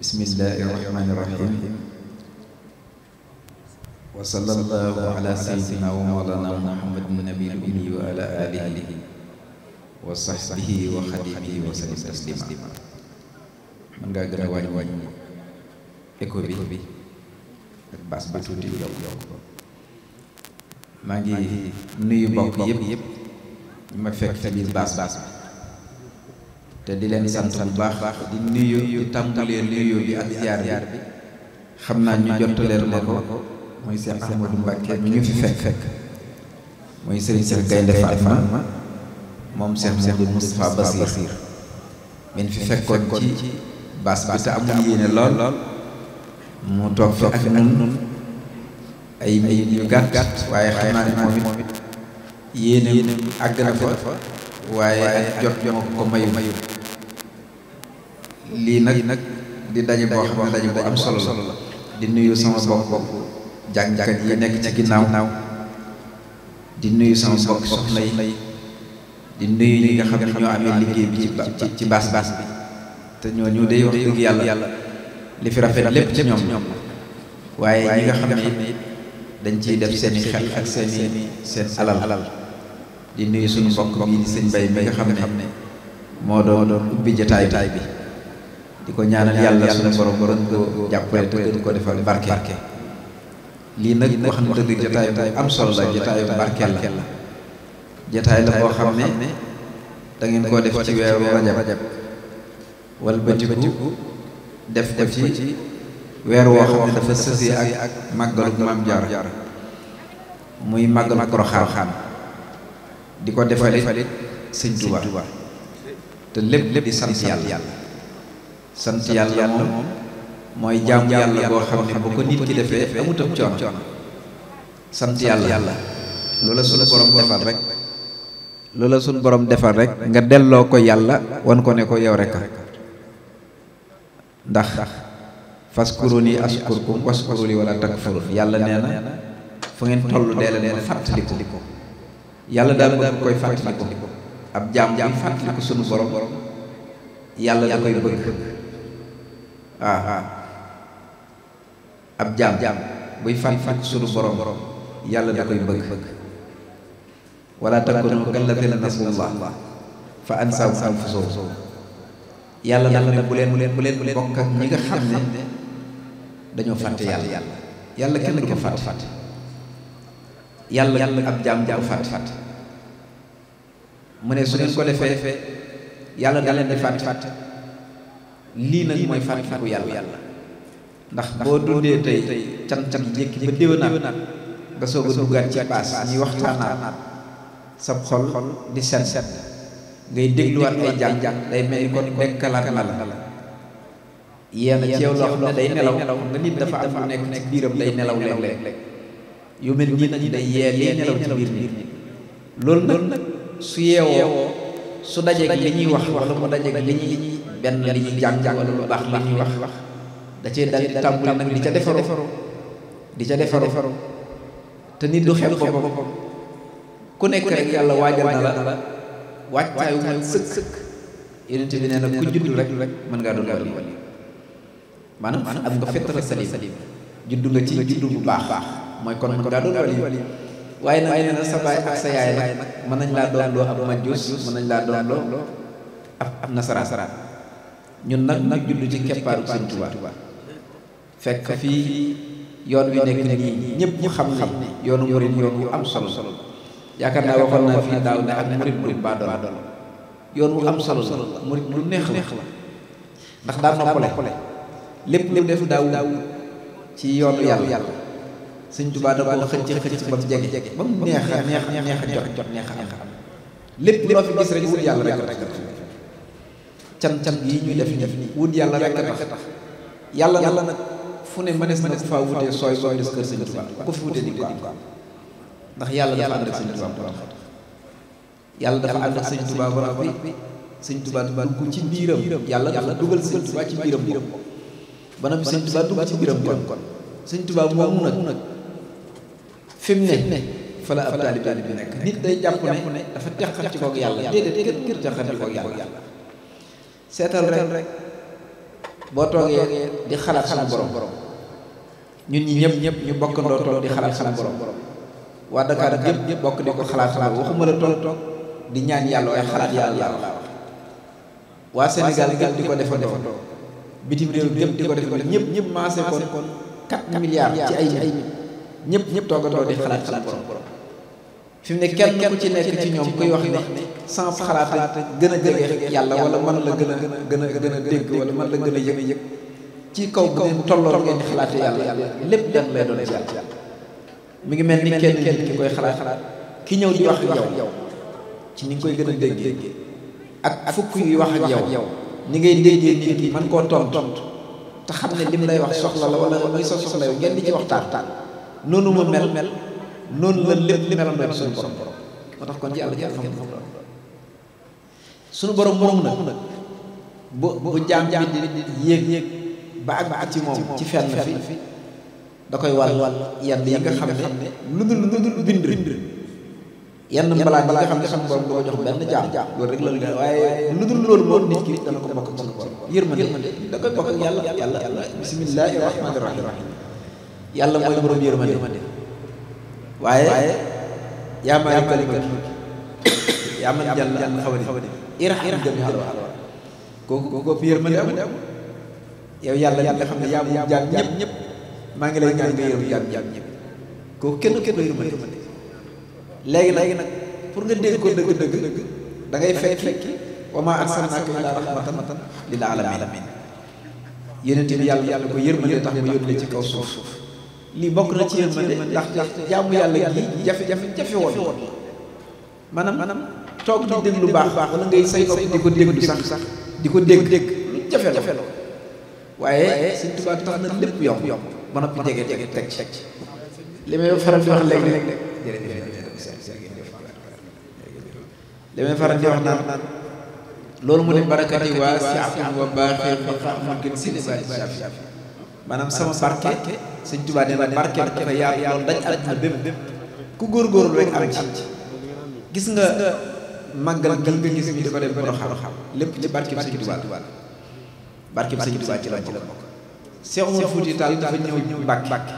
bismillaahi rahmaani rahiim wa sallallaahu alaa sayyidinaa wa mawlaanaa muhammadin nabiyil ummi wa alaa aalihi wa sahbihi wa xadimihi wa sallim tasliimaa mën ngaa gën a wàññi wàññi écho bi ak baas bi tuuti yokk maa ngi nuyu mbokk yëpp yëpp ñu ma fekk ci baas baas te di leen sant bu baax di nuyu di tàmbalee nuyu bi ak ziar bi xam naa ñu jottaleel ma ko mooy Cheikh Ahmadou Mbacké mi ñu fi fekk mooy Serigne Cheikh Gaynde Fatma moom Cheikh Cheikh Moustapha Basir min fi fekkoon ci baas bi te amul yéene lool mu toog fi ak nun ay minit yu gàtt gàtt waaye xam naa ne moom it yéene àgg na fa waaye ak jot moo ko mayu mayu lii nag di daje boo xam ne daje bu am la di nuyu sama bokk bokk jàngkat yi nekk ci ginnaaw di nuyu sama bokk soxna yi di nuyu ñi nga xam ne ñoo amee liggéey bi ci ci baas baas bi te ñooñu day yàlla li fi rafet lépp ci ñoom la waaye ñi nga xam dañ ciy def seen i xel ak seen i seen di nuyu suñu mbokk bii di sëñ bay mi nga xam ne moo doon ubbi jataay bi di ko ñaanal yàlla suñu borom borom ko jàppale te gën ko defal barke lii nag wax na dëgg jotaayu bu am solo la jotaayu barkeel la jotaay la boo xam ne da ngeen koo def ci weeru rajab wal bëtiku def ko ci weer woo xam ne dafa sësee ak màggalu maam jaar muy màggalu Poroxaan di ko defalit sëñ Tuubaa te lépp lépp di sant yàlla sant yàlla moom mooy jaamu yàlla boo xam ne bu ko nit ki defee amut ab sunu borom defal rek loola sunu borom defal rek nga delloo ko yàlla wan ko ne ko yow rek ndax faskuruni askurkum waskuruli wala takfurun yàlla nee na fu ngeen toll dee leen ma fàttaliku yàlla daal bëgg koy fàttaliku ab jaam bi fàttaliku sunu borom yàlla da koy bëgg waaw ab jaam buy fàttaliku sunu borom yàlla da koy bëgg wala takunu kalladina nasullah fa ansaahum anfusahum yàlla dafa ne bu leen bu leen bokk ak ñi nga xam ne dañoo fàtte yàlla yàlla kenn du ko fàtte fàtte yàlla ab jaam jaam fàtte fàtte mu ne su ngeen ko defee yàlla da leen fàtte fàtte lii nag mooy fàttaliku yàlla ndax boo dundee tey can-can jékki ba déwénaat nga soog a duggaat ci baas ñuy waxtaanaat sa xol di set set ngay dégluwaat ay jàng day mel ni kon dekkalaat na la yéen ci yow loo xam ne day nelaw nga nit dafa am lu nekk ci biiram day nelaw léeg-léeg yu mel nii nag day yee liy nelaw ci biir nit loolu nag su yeewoo su dajeeg li ñuy wax wala mu dajeeg li ñuy benn li ñuy jàng wala lu baax li ñuy wax da cee dal di tàmbali nag di ca defaroo di ca defaroo te nit du xeeb boppam ku nekk rek yàlla waajal na la waajtaayu mooy sëkk yonent bi nee na ku judd rek mën ngaa doon wali maanaam am nga fitra salim juddu nga ci juddu bu baax mooy kon mën ngaa doon wali waaye nag nee na sa baay ak sa yaay nag mën nañ laa doon loo ab majus mën nañ laa doon loo ab ab nasaraan ñun nag nag judd ci keppaaru Sëñ Tuubaa fekk fii yoon wi nekk nii ñëpp xam xam ne yoonu murit yoon wu am solo yaakaar naa waxoon naa fii daaw ne ak murit bu baadool yoon wu am solo la murit lu neex la ndax daa noppale lépp lu def daaw ci yoonu yàlla Sëñ Tuubaa da ko xëcc xëcc ba mu jege ba mu neex a neex neex a jot neex a am lépp loo fi gis rek yàlla rek rek can-can yi ñuy def def nii wut yàlla rek a tax yàlla yàlla nag fu ne mënees na ku faa wutee sooy sooy des kër Sëñ Tuubaa ku fi wutee di ko am ndax yàlla dafa ànd ak Sëñ Tuubaa ba yàlla dafa ànd ak Sëñ Tuubaa ba tax bi Sëñ Tuubaa dugg ci biiram yàlla dafa dugal Sëñ Tuubaa ci biiram ko bana bi Sëñ Tuubaa dugg ci biiram kon Sëñ Tuubaa moomu nag fi mu ne fa la ab taalibe bi nekk nit day jàpp ne dafa teqal ci koog yàlla déedéet kenn kër teqal ci koog yàlla seetal rek boo toogee di xalaat suñu borom borom ñun ñi ñëpp ñëpp ñu bokk ndoo toog di xalaat suñu borom waa Dakar gépp ñëpp bokk di ko xalaat xalaat waxuma la toog toog di ñaan yàlla waaye xalaat yàlla yàlla wax waa gépp di ko defa defa toog bitim réew gépp di ko defa def ñëpp ñëpp maase kon kon 4 milliards ci ay ay ñëpp ñëpp toogandoo di xalaat xalaat borom fi mu ne kenn ku ci nekk ci ñoom kuy wax ne sans xalaat gën a jege yàlla wala man la gën a gën a gën a dégg wala a yëg yëg ci kaw kaw tolloo ngeen di xalaate yàlla lépp dañ lay doon ci yàlla mi ngi mel ni kenn kenn ki koy xalaat ki ñëw di wax yow ci ni nga koy gën a déggee ak fukk yuy wax ak yow ni ngay déggee nit ki man koo tont te xam ne lim lay wax soxla la wala muy sa soxla yow ngeen di wax ci waxtaan noonu mu mel noonu la lépp meloon na suñu borom moo tax kon ci àll ci àll xam-xam sunu borom moomu nag bu bu jaam bi di yéeg yéeg ba ak ci moom ci fenn fi da koy wàll yenn yi nga xam ne lu dul lu dul bind yenn mbalaan yi nga xam ne sunu borom du ko jox benn jaam loolu rek la nga waaye lu dul loolu moom nit ki dana ko bokk sunu borom yërmande da koy bokk yàlla yàlla yàlla bismillaahi rahmaani rahim yàlla mooy borom yërmande waaye yaa ma yaa ma yaa ma yaa ma yaa ma yaa ma yaa ma irham dem xalwa kooku kooku yërmande amul yow yàlla yàlla xam ne yaa moom jaam ñëpp ñëpp maa ngi lay ñaan nga yërëm jaam jaam ñëpp kooku kenn kenn yërmande léegi léegi nag pour nga dégg ko dëgg dëgg da ngay fekk fekki wa maa arsalnaaka illaa rahmatan lil aalamiin yonent bi yàlla yàlla ko yërmande tax mu yónni ci kaw suuf lii bokk na ci yërmande ndax ndax jaamu yàlla gi jafe-jafe jafe woon maanaam maanaam toog di déglu lu baax wala ngay say nopp di ko déglu sax di ko dégg lu jafe la waaye Sëñ Tuubaa tax na lépp yomb yomb ba noppi jege jege teg ci li may faral di wax léeg-léeg li may faral di wax naan loolu mu ne barakati waa siatin wa baaxee baqa mumkin si ne bayi safi maanaam sama barke Sëñ Tuubaa nee na barke dafa yaatu loolu dañ àdduna bépp ku góorgóorlu rek am ci gis nga màggal gi nga gis ñu di ko def Porokhane lépp ci barkib Sëñ Tuubaa barkib Sëñ Tuubaa ci la ci la bokk Seex Umar Fuuti Taal dafa ñëw Mbàkke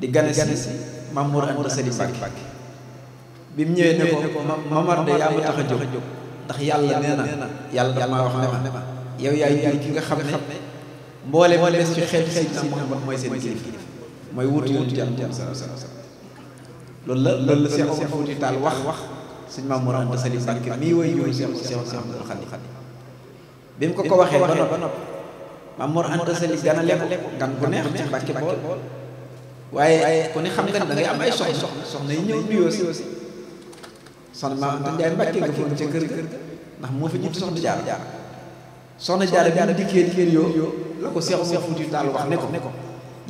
di gane si Maam Mor Anta Sali Mbàkke bi mu ñëwee ne ko Mamar de yaa tax a jóg ndax yàlla nee na yàlla maa wax ne ma yow yaay jur ki nga xam ne mboole ma des ci xeet xeet si Muhammad mooy seen kilifa mooy wutu yonent yàlla loolu la loolu la Seex Umar Fuuti Taal wax wax sëñ Maam Mor Anta Sali Mbàkke mii woy yow Seexu Seexu Abdul Xaadir bi mu ko ko waxee ba noppi Maam Mor Anta Sali gana lekk gan gu neex ci Mbàkke bool waaye ku ne xam nga da ngay am ay soxna soxna yi ñëw nuyoo si soxna Maam Anta Njaay Mbàkke nga foon ca ndax moo fi jiitu soxna Jaara Jaara soxna Jaara bi mu dikkee dikkee yoo la ko Seexu Seex Fuuti Taal wax ne ko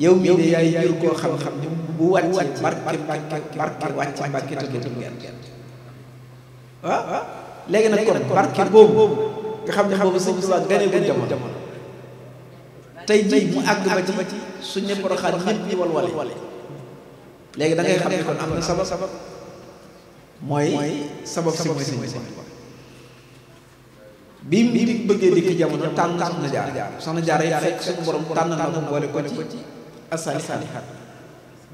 yow mii de yaay jur koo xam-xam bu wàcc barke barke barke wàcc Mbàkke te dootu ah léegi nag kon barke boobu nga xam ne boobu sëñ Tuubaa ganeegul jamono tey jii mu àgg ci suñ ne Porokhane ñëpp ñu walwale léegi da ngay xam ne mooy sabab si mooy sëñ Tuubaa bi bi bëggee dikk jamono tànn soxna jaar soxna jaar yi fekk suñu borom tànn na ko boole ko ci a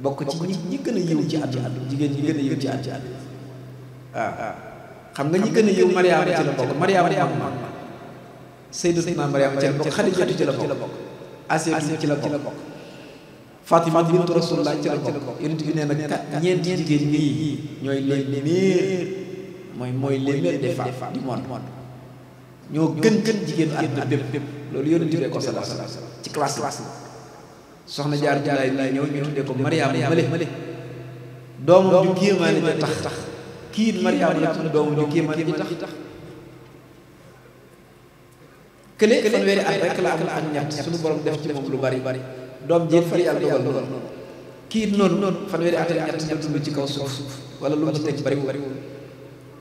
bokk ci ñi ñi gën a yiw ci àdduna jigéen ñi gën a yiw ci àdduna waaw ah, ah. xam nga ñi gën a yiw Mariama ci la bokk Mariama mag ma Sayyidatuna Mariama la bokk Xadijatu ci la bokk Asiyatu ci la bokk Fatima bintu Rasulullah ci la bokk yonent bi nee na kat ñeenti jigéen ñii ñooy les meilleures mooy mooy les meilleures des femmes du monde ñoo gën gën jigéenu àdduna bépp loolu yonent bi ko sala sala ci classe classe soxna jaar jaar lay ñëw ñu tuddee ko Mariama male male doomam ju géemaane ja tax tax kii Mariama la suñu doomu ju kéemaan ji tax kële fanweeri at rek la am ak ñett suñu borom def ci moom lu bari bari doom ji fa yàlla dogal dogal kii noonu noonu fanweeri ak ñett ñett dund ci kaw suuf suuf wala lu mu ci teg bariwul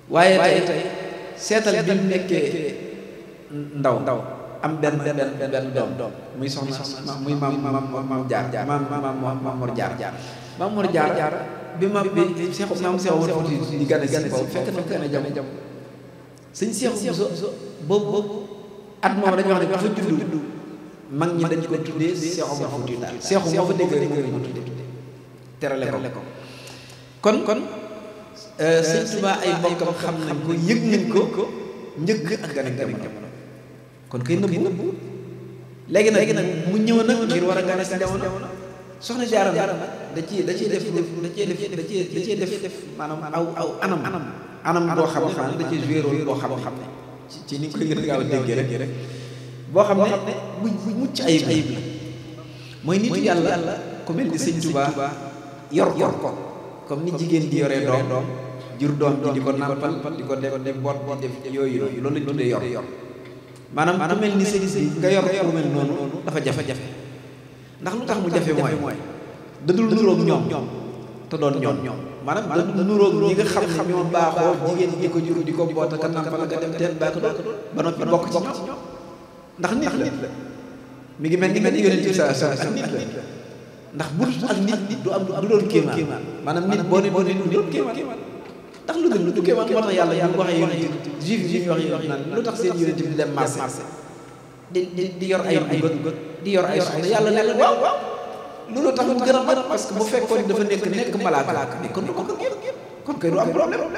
waaye tey seetal bi mu nekkee ndaw ndaw am benn benn benn doom muy sox muy maam maam maam jaar jaar maam maam maam Mor jaar jaar maam Mor jaar jaar bi ma bi Cheikh maam Cheikh Omar Fouti di gane si kaw fekk na gane boobu at moom dañuy wax ne dafa judd mag ñi dañ ko tuddee Cheikh Omar Fouti daal Cheikh Omar fa dégg rek moom tuddee terale ko kon kon euh, euh, sëñ Tuubaa ay mbokkam xam nañ ko yëg nañ ko njëkk ak gane jamono kon kay nëbbu léegi nag mu ñëw nag ngir war a gane si jamono soxna jaara nag da ciy da ciy def da ciy def da ciy da ciy def maanaam aw aw anam anam boo xam ne da ci joué rôle boo xam ne ci ni nga koy gën a gaaw a déggee rek boo xam ne mu bu mucc ayib ayib la mooy nit yàlla ku mel ni sëñ Tuubaa yor yor ko comme ni jigéen di yoree doom jur doom ji di ko nàmpal di ko def def bot bot def yooyu loolu lañ tuddee yor maanaam ku mel ni sëñ bi nga yor ku mel noonu dafa jafe-jafe ndax lu tax mu jafe mooy dadul nuroog ñoom te doon ñoom maanaam dadul nuroog ñi nga xam ne ñoo baaxoo jigéen di ko jur di ko boota ka nampal ka dem teen bàkk doon ba noppi bokk ci ñoom ndax nit la mi ngi mel ni mel ni sa sa nit la ndax bu ak nit du am du doon kéemaan maanaam nit boo ne boo ne du ndax lu gën lu du kéemaan moo tax yàlla yàlla waxee yonent juif yi ñu wax lu tax seen yonent bi di dem di di yor ay dugg di yor ay soxla yàlla ne waaw waaw loolu tax mu gën a mat parce que bu fekkoon dafa nekk nekk malaaka bi kon du ko kon kay du am problème ah,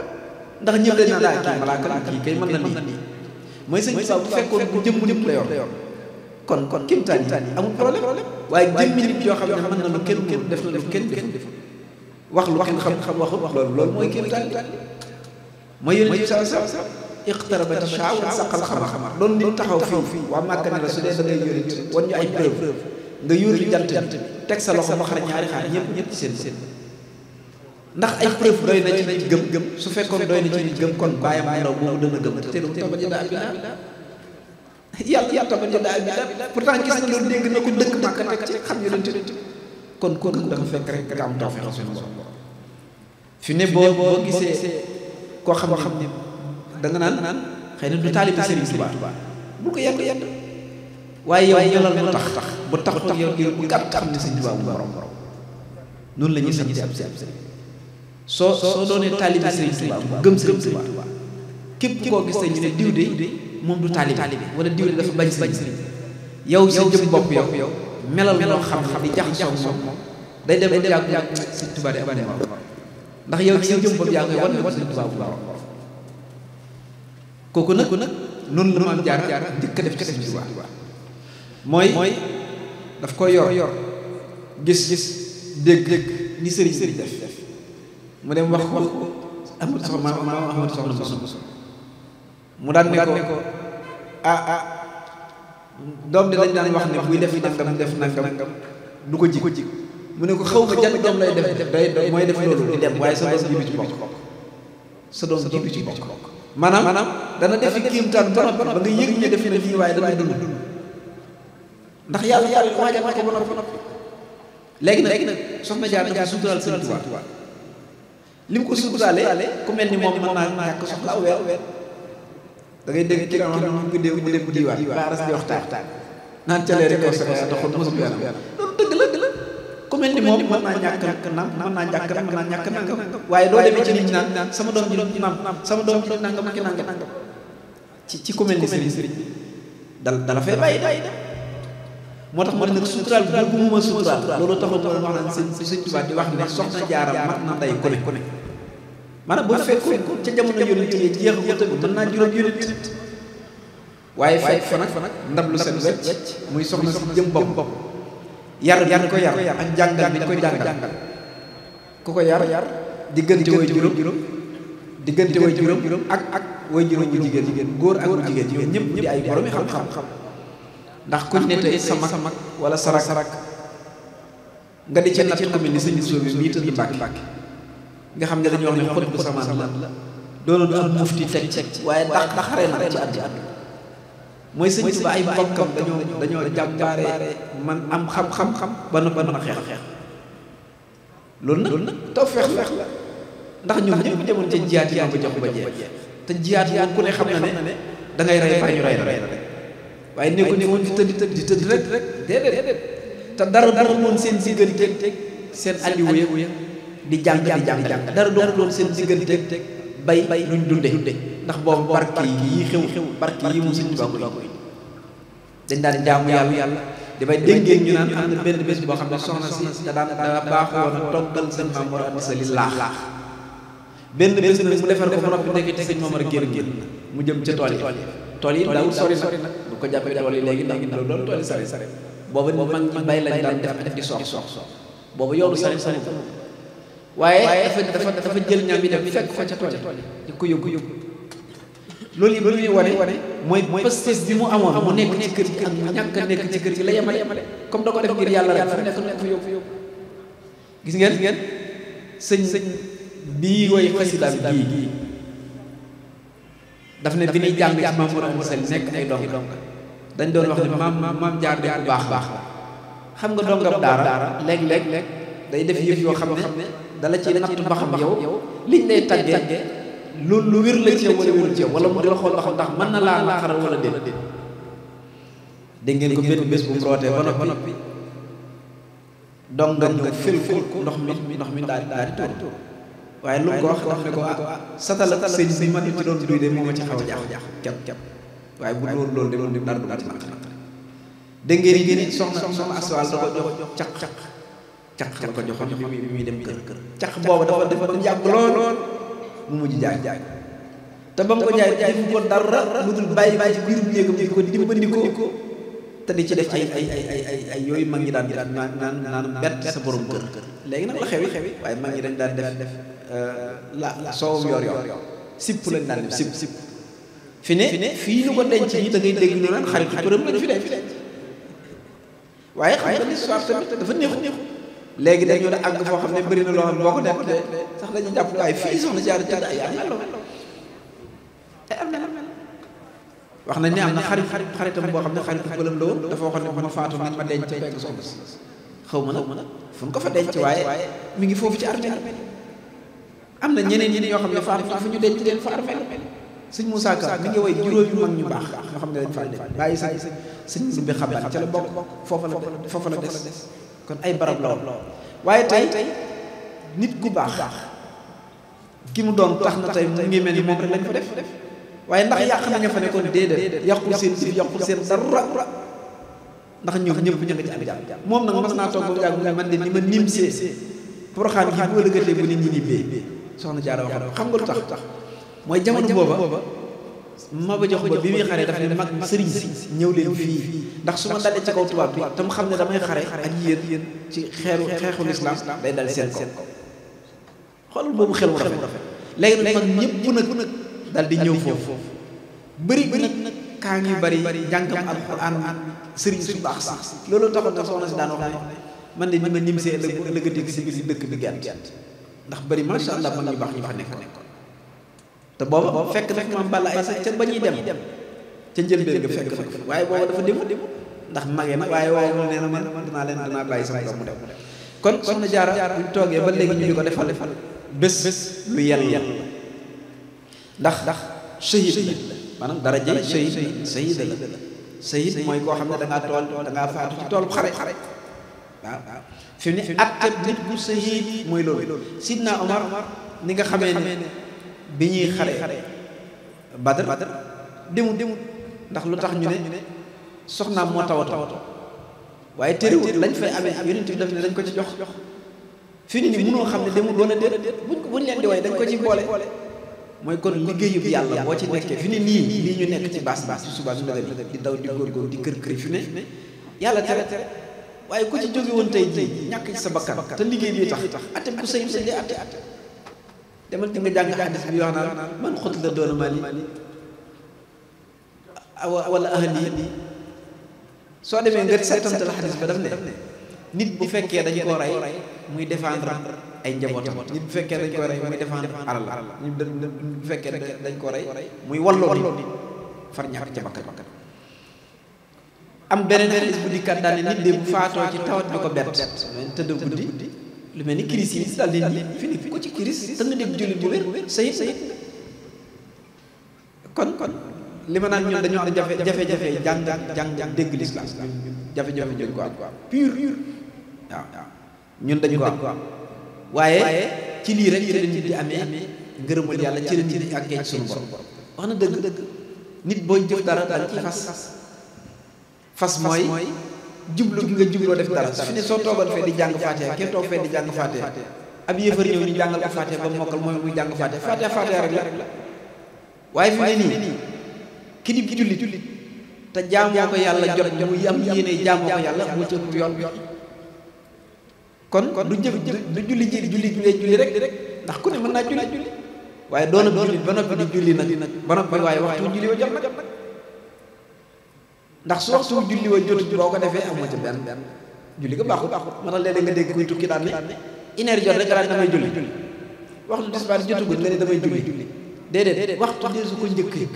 ah, na nii mooy sëñ Tuubaa bu fekkoon bu jëm ñëpp la kon kon kimtaan yi amul problème waaye jëm nit yoo xam ne mën na lu kenn kenn def na lu kenn def wax wax xam xam waxu loolu loolu mooy kimtaan a sa sa iqtarabat shaa wa saqal xamar doon nit taxaw fii waa màkka ne la su dee da ngay yórit wan ñu ay preuve nga yóotu jant bi teg sa loxo ba xar bi la yàlla yàlla ko dëkk màkka teg ci xam yonent kon kon dafa fekk rek nga am tawfeex suñu borom fi ne boo gisee koo xam xam da nga naan xëy na du taalibi Serigne Touba bu ko yedd yedd waaye yow melal lu tax tax bu taxut yow ngir bu gàtt xam ne Serigne Touba bu borom borom noonu la ñuy sañu si ab si ab Serigne soo soo doonee taalibi Serigne Touba bu gëm Serigne Touba képp koo gis ñu ne diw de moom du taalibi wala diw de dafa bañ bañ Serigne yow sa jëm bopp yow melal loo xam-xam yi di jaxasoo moom day dem yàgg yàgg Serigne Touba de am ndax yow ci sa jëm bopp yaa ngi wan ne Serigne Touba bu borom kooku nag noonu la maam jaar jaar njëkk a def ci Sëriñ waa mooy mooy daf ko yor yor gis gis dégg dégg ni sëriñ sëriñ def mu dem wax wax ko amul soxna maam maam Ahmadu soxna soxna mu daan ne ko ah ah doom di lañ daan wax ne buy def nangam def nangam du ko jik ko jik mu ne ko xaw ma jan jam lay def day mooy def loolu di dem waaye sa doom jibi ci bokk sa doom jibi ci bokk dana def ci kéemtaan ba noppi ba nga yëg ne def na fii waaye dana dund ndax yàlla yàlla waajal na ko ba noppi léegi nag léegi nag soxna li mu ko suturaale ku mel ni moom mën naa ñàkk soxla aw weer da ngay dégg ki nga xam ne moom dëgg la la ku mel ni moom mën naa nam mën naa ñàkk nam waaye doo demee ci nit ñi naan sama doom ji naan sama doom ji nangam ak nangam ci ci commune ni sëriñ dal dala fay bàyyi bàyyi moo tax ma ne nag suturaal bu mu ma suturaal loolu taxul ma wax naan sëñ sëñ Tuubaa di wax ne soxna jaaram mat na day ku ne ku ne maanaam bu fekkoon ca jamono yonent yi jeexagul tamit mën naa juróom yonent waaye fekk fa nag ndab lu seen wecc muy soxna si jëm bopp yar yar ko yar ak jàngal bi ko jàngal ku ko yar diggante way juróom diggante way juróom ak ak way juróom bu jigéen jigéen góor ak bu jigéen ñoom ñëpp di ay borom yi xam-xam ndax kuñ ne tey sa mag wala sa sarak nga di ci natt ku mel ni sëñ Sow bi mii tëdd Mbàkke nga xam ne dañuy wax ne xot bu samaan la doonul am mufti teg teg waaye ndax xare na ci àdd mooy sëñ Tuba ay bokkam dañoo dañoo jàmbaare man am xam-xam xam ba nu ba nu xeex xeex loolu nag taw feex feex la ndax ñoom ñëpp demoon ca jiyaat yi ba jox ba jeex te jiyaat moom ku ne xam na ne da ngay rey bàyyi ñu rey la rek waaye nekku ne woon di tëdd tëdd di tëdd rek déedéet te dara dara doon seen digganteeg teg seen alliwa ya di jàng di jàng dara dara doon seen digganteeg teg bay bay luñ dunde ndax boobu barke yi xew xew barke yi mu suñu bokk yi dañ daan jaamu yàlla yàlla dafay déggee ñu naan am na benn bés boo xam ne soxna si da daan daa baaxoon a toggal seen maam war a andi sa li laax benn bés nag mu defar ko ba noppi ndekki te sëñ Momar génn génn mu jëm ca tool yi tool yi daawul sori nag bu ko jàppee tool yi léegi ndax loolu doon tool yi sori booba mag ñi bay lañ daan def def yoonu sori sama waaye dafa fekk fa ca tool yi di ko yóbbu yóbbu loolu yëpp lu muy wane mooy pëstes bi mu amoon mu nekk ci kër gi ak mu ñàkk nekk ci kër gi la yemale comme da ko def ngir yàlla rek fu nekk nekk yóbbu yóbbu gis ngeen gis ngeen sëñ sëñ bii woy xasidaam gii daf ne bi ñuy jàng ci maam Mor Anta Sali nekk ay donga dañ doon wax ne maam maam jaar de bu baax baax xam nga dongam daara léeg-léeg day def yëf yoo xam ne dala ci natt ba xam yow liñ lay tàggee loolu lu wér la ci yow wala wér ci yow wala mu xool ba ndax mën na laa naqaral wala déet dégg ngeen ko benn bés bu mu rootee ba noppi dong dong fil fil ndox mi ndox mi daal daal di waaye lu mu ko wax daf ne ko ah satala sëñ bi ma ci doon duy de moo ma ci xaw a jaax cap cap waaye bu doon loolu de loolu dara du ci naq dégg ngeen ngeen soxna soxna aswaal da ko jox caq caq caq la ko joxoon bi muy dem kër kër caq boobu dafa def ba mu lool mu mujj jaay ba mu ko jaay defu ko dara lu dul bàyyi bàyyi ci biir néegam di ko te di ci def ay ay ay ay ay yooyu mag ñi daan daan naan naan bett sa borom kër léegi nag la xewi xewi waaye mag ñi dañ daan def def Euh, la soowum yor yor sipp lañ daan def sipp sipp fi ne fii ñu ko denc yi da ngay dégg ñu naan xaritu përëm lañ fi denc waaye xam nga l'histoire tamit dafa neexu neexu léegi dañu ne àgg foo xam ne bëri na loo xam ne boo ko nekk de sax dañu jàpp waaye fii soxna jaar tëdd ay am na wax nañ ne am na xarit xaritam boo xam ne xaritu përëm la woon dafa waxoon ne bu ma faatu nañ ma denc pegg soxna si xaw ma nag fu ñu ko fa denc waaye mi ngi foofu ci armée am na ñeneen ñi yoo xam ne faatu fa ñu denc leen fa armeel sëñ Moussa Ka mi ngi woy juróomi mag ñu baax ñoo xam ne dañ faa dem bàyyi sëñ sëñ si bi xabaar ca la bokk foofa des kon ay barab la waaye tey nit ku baax ki mu doon tax na tey mu ngi mel ni moom rek lañ fa def waaye ndax yàq nañu fa ne kon déedéet yàqul seen si yàqul seen dara ndax ñoo ñëpp ñu ngi ci am jàpp moom nag mas naa toog ba mu yàgg man de ni ma nim see proxaan yi bu bu nit ñi nibbee soxna jaara waxoon xam nga lu tax mooy jamono booba maba jox ba bi muy xare daf ne mag sëriñ si ñëw leen fii ndax su ma dalee ci kaw tubaab bi tam xam ne damay xare ak yéen ci xeeru xeexu lislaam day dal seen kaw xoolal boobu xel mu rafet léegi nag mag ñëpp nag dal di ñëw foofu bëri bëri nag kaa ngi bëri njàngam alxuraan sëriñ su baax sax loolu taxoon na soxna si daan wax ne man de ni ma nim see ëllëg ëllëgateeg si biir dëkk bi gàtt ndax bëri macha allah mag ñu baax ñu fa nekkoon te booba fekk nag maam Balla Aïssa ca ba ñuy dem ca njëlbéen ga fekk nag waaye booba dafa dem ndax magee nag waaye waaye mu nee na man dinaa leen dinaa bàyyi sama doom mu dem kon soxna jaara buñ toogee ba léegi ñu di ko defal defal bés bés lu yel yel ndax ndax shahid la maanaam daraje shahid la shahid la shahid mooy koo xam ne da ngaa tool da ngaa faatu ci toolu xare waaw fi mu ne attab nit bu sahiid mooy loolu sidna Omar ni nga xamee ne bi ñuy xare Badr demut demut ndax lu tax ñu ne soxnaam moo tawato waaye terewul lañ fay amee yonent bi daf ne dañ ko ci jox fi ni mënoo xam ne demut doon a déet buñ buñ leen di waaye dañ ko ci boole mooy kon liggéeyub yàlla boo ci nekkee fi ni nii lii ñu nekk ci baas baas bi subaa bi di daw di góorgóor di kër kër fi ne yàlla tere tere waaye ku ci jóge woon tey jii ñàkk ci sa bakkan te liggéey bi tax atem ku sëy sëy di atte atte demal di nga jàng xadis bi wax naan man xot la doon mali wala ahli soo demee nga seetantal xadis ba daf ne nit bu fekkee dañ koo rey muy défendre ay njabootam nit bu fekkee dañ koo rey muy défendre alal nit bu fekkee dañ koo rey muy walloo nit far ñàkk ca bakkan am beneen xalis bu dikkat daal ne nit de bu faatoo ci tawat bi ko bett tëdd guddi lu mel ni kiris yi dal nit ñi fi ko ci kiris tëdd dégg jullit bu wér sayit sayit kon kon li ma naan ñun dañoo jafe jafe-jafe jàng jàng dégg jafe-jafe ñun ko am pur waaw dañu ko am waaye ci lii rek ci la di amee ngërëmal yàlla ci la nit di àggee ci suñu borom wax na dëgg nit booy jëf dara dal ci fas fas mooy jublu gi nga jubloo def dara su fi ne soo toogal fee di jàng faatiha kenn toog fee di jàng faatiha ab yéefar ñëw ñu jàngal ko faatiha ba mokkal mooy muy jàng faatiha faatiha faatiha rek la waaye fi ne nii ki di jullit te jaamoo ko yàlla jot mu am yéene jaamoo ko yàlla moo ci ëpp yoon kon du jëf du julli ji julli ji ngay julli rek ndax ku ne mën naa julli waaye doona julli ba noppi di julli nag ba noppi waaye waxtu julli wa jot ndax su wax su julli wa jotut boo ko defee amoo ci benn julli ko baaxul moo tax léeg-léeg nga dégg kuy tukki daan ne une heure jot rek daan damay julli waxtu tisbaar jotugul nga ne damay julli déedéet waxtu dee su ko njëkk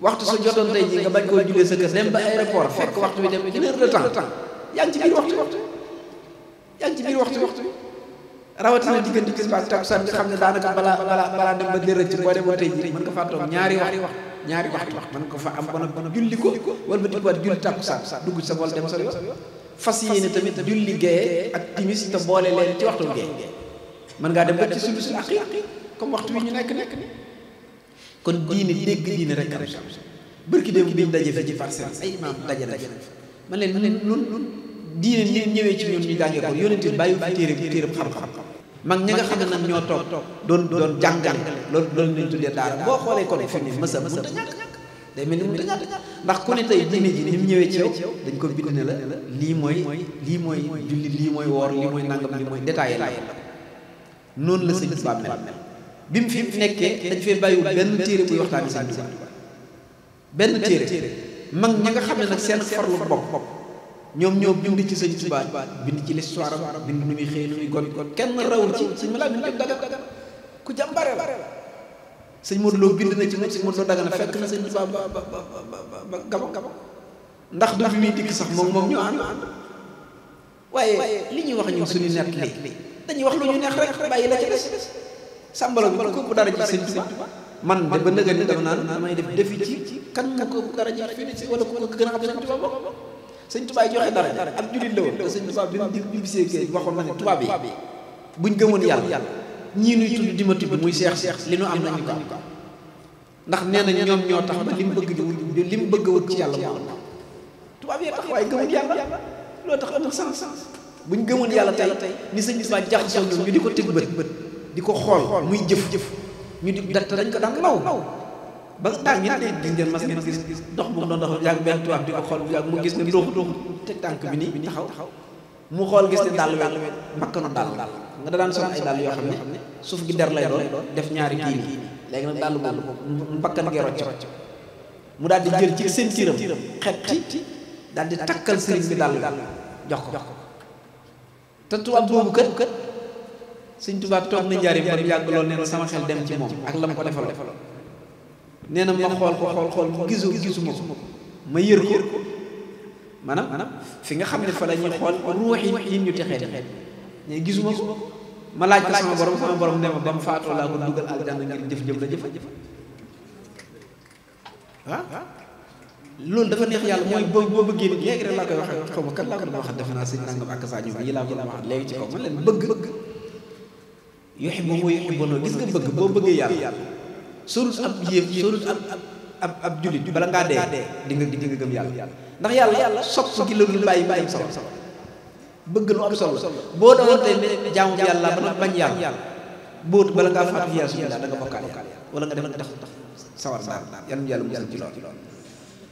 waxtu su jotoon tey jii nga bañ koo jullee sa kër dem ba aéroport fekk waxtu bi dem une heure de temps yaa ngi ci biir waxtu waxtu yaa ngi ci biir waxtu waxtu rawatina diggante tisbaar takkusaan mën nga faa toog ñaari waxtu ñaari waxtu mën nga ko fa am ba nag julli ko wala ba dikkuwaat julli tàkkusaan dugg sa bool dem sa yoon fas yéene tamit julli gee ak timis te boole leen ci waxtu gee mën ngaa dem ba ci sulusul aqi comme waxtu wi ñu nekk nekk ni kon diine dégg diine rek am bërki dem biñ daje fi ci Parcelles ay imaam daje na fi man leen man leen nun diine ni ñëwee ci ñun ñu jàngee ko yónente bàyyi fi téere téere xam-xam mag ña nga xam ne nag ñoo toog doon doon jàngale loolu loolu lañ tuddee daara boo xoolee kon fi mu mësa mënut a ñàkk day mel ni mënut a ñàkk ndax ku ne tey diine ji ni mu ñëwee ci yow dañ ko bind ne la lii mooy lii mooy julli lii mooy woor lii mooy nangam lii mooy détaillé la noonu la sëñ Tuubaa mel bi mu fi nekkee dañ fee bàyyiwu benn téere buy waxtaani sëñ Tuubaa benn téere mag ñi nga xam ne nag seen farlu bopp ñoom ñoom bind ci sëñ Tuubaa bind ci l'histoire am bind nu muy xëy nu muy gon kon kenn rawul ci sëñ Malaay Binta ku jàmbare la sëñ Modou bind na ci moom sëñ Modou Lo Dagana fekk na sëñ Tuubaa ba ba ba gabon gabon ndax du bi muy dikk sax moom moom ñu ànd waaye li ñuy wax ñun suñu nett li dañuy wax lu ñu neex rek bàyyi la ci des sàmbalo bi ko bu dara ci sëñ Tuubaa man de ba nëgë ni dama naan damay def defi ci kan nga ko bu dara ji fii wala ku ko gën a xam sëñ Tuubaa bokk sëñ tubaay joxe dara ak jullit la woon te sëñ Moussa bi ñu bisee géej waxoon na ne tubaab yi buñ gëmoon yàlla ñii nuy tudd di ma tudd muy seex seex li nu am nañu ko ndax nee na ñoom ñoo tax ba li mu bëgg di li mu bëgg wut ci yàlla moom tubaab yee tax waaye gëmoon yàlla loo tax ëllëg sens buñ gëmoon yàlla tey ni sëñ Moussa jaxasoo ñoom ñu di ko teg bët di ko xool muy jëf jëf ñu di dañ ko daan naw ba tànk yi ne gis ngeen mas ngeen gis dox bu mu doon dox yàgg benn tubaab di ko xool bu yàgg mu gis ne dox dox te tànk bi nii taxaw mu xool gis ne dàll wel makkanoon dàll nga daan sol ay dàll yoo xam ne suuf gi der lay doon def ñaari kii mbakkan gi rocc mu daal di jël ci seen tiram xet ci daal di takkal sëriñ bi dàll jox ko te tubaab boobu kat sëñ tubaab toog na njariñ ba mu yàgg lool ne na sama xel dem ci moom ak la mu ko defaloon nee na ma xool ko xool xool ko gisoo gisuma ko ma yër ko maanaam fi nga xam ne fa la ñuy xool ruux yi ñu texee ne gisuma ko ma laaj ko sama borom sama borom ne ma ba mu faatoo laa ko dugal aljanna ngir jëf-jëf la jëfa jëfa ah loolu dafa neex yàlla mooy boo boo bëggee ni léegi rek xaw ma kan laa ko doon waxat defe naa sëñ nangam saa ñu yi laa ko doon waxat léegi ci kaw moo yuhibbunaa gis nga bëgg boo bëggee yàlla sorut ab yéef sorut ab ab ab jullit bala ngaa dee di nga di nga gëm yàlla ndax yàlla sopp gi la dul bàyyi bàyyi solo bëgg lu am solo boo doon tey ne jaamu yàlla ba bañ yàlla bóot bala ngaa faatu yàlla suñu da nga bokkaal yàlla wala nga def tax sawar daal yàlla mu yàlla mu ci lool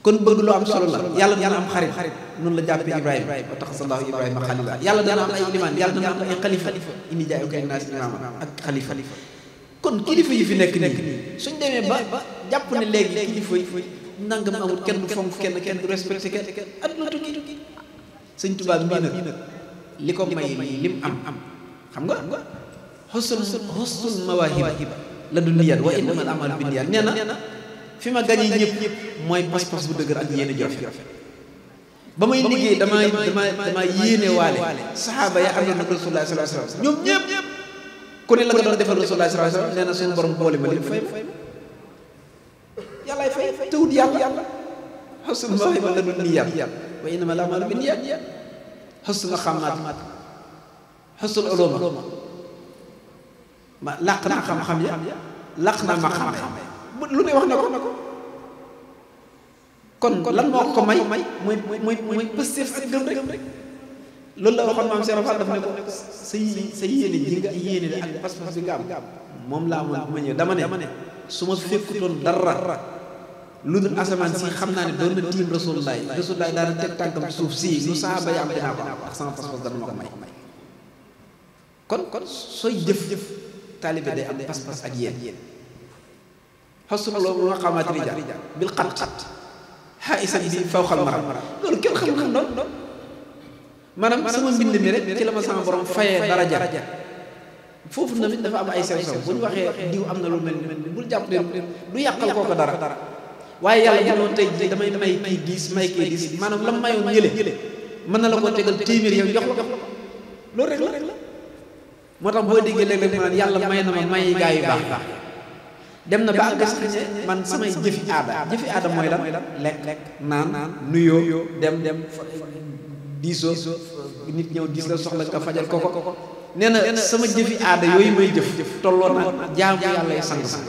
kon bëgg lu am solo la yàlla dana am xarit noonu la jàppee Ibrahima wa taxasallahu Ibrahima xalila yàlla dana am ay limaan yàlla dana am ay xalifa indi jaay ko ak naas imaama ak xalifa kon kilifa yi fi nekk nii suñ demee ba jàpp ne léegi kilifa yi nangam amul kenn du fonk kenn kenn du respecté kenn adduna tukki sëñ tubaab mbii nag li ko may nii lim am am xam nga xusnul xusnul mawaahiba la du niyaat wa innamal amal bi niyaat nee na fi ma gañe ñëpp mooy pas-pas bu dëgër ak yéene joxe ba may liggéey damaa damaa damaa yéene waale saxaaba ya am na nag rasulullah sallallahu alayhi wa sallam ñoom ñëpp ku la nga doon defal rasulullah sallallahu alayhi wasallam nee na suñu borom boole ma lim fay yàllaay fay tawut yàlla xasul ma la dul na ko na ko kon lan moo ko may mooy mooy pëstéef ak gëm rek loolu la waxoon maam Cheikh Fall dafa ne ko sa sa yéene ji yéene la ak pas-pas bi nga am moom laa amoon ma ñëwee dama ne su ma fekkutoon dara lu dul asamaan si xam naa ne doon na tiim rasulullaay rasulullaay daana teg tànkam suuf si lu saaba am dinaa ko ko kon kon sooy jëf-jëf taalibe day am pas-pas ak yéen xasuma loolu ma xamaati rija bil xat-xat xaa isan bi faw xam maram loolu kenn xamul xam doon maanaam sama mbind mi rek ci la ma sama borom fayee daraja foofu tamit dafa am ay sew sew bu ñu waxee diw am na lu mel ni bul jàpp ne du yàqal kooku dara waaye yàlla jëloon tey jii damay may kii diis may kii diis maanaam la mayoon ñële mën na la ko tegal téeméer yow jox la loolu rek la moo tax boo déggee léeg-léeg mu naan yàlla may na ma may gaa yu baax dem na ba àgg sax ne man samay jëfi aada jëfi aada mooy lan lekk naan nuyoo dem dem diisoo nit ñëw diis la soxla nga fajal ko ko nee na sama jëfi aada yooyu may jëf tolloo na jaamu yàlla yi sang sang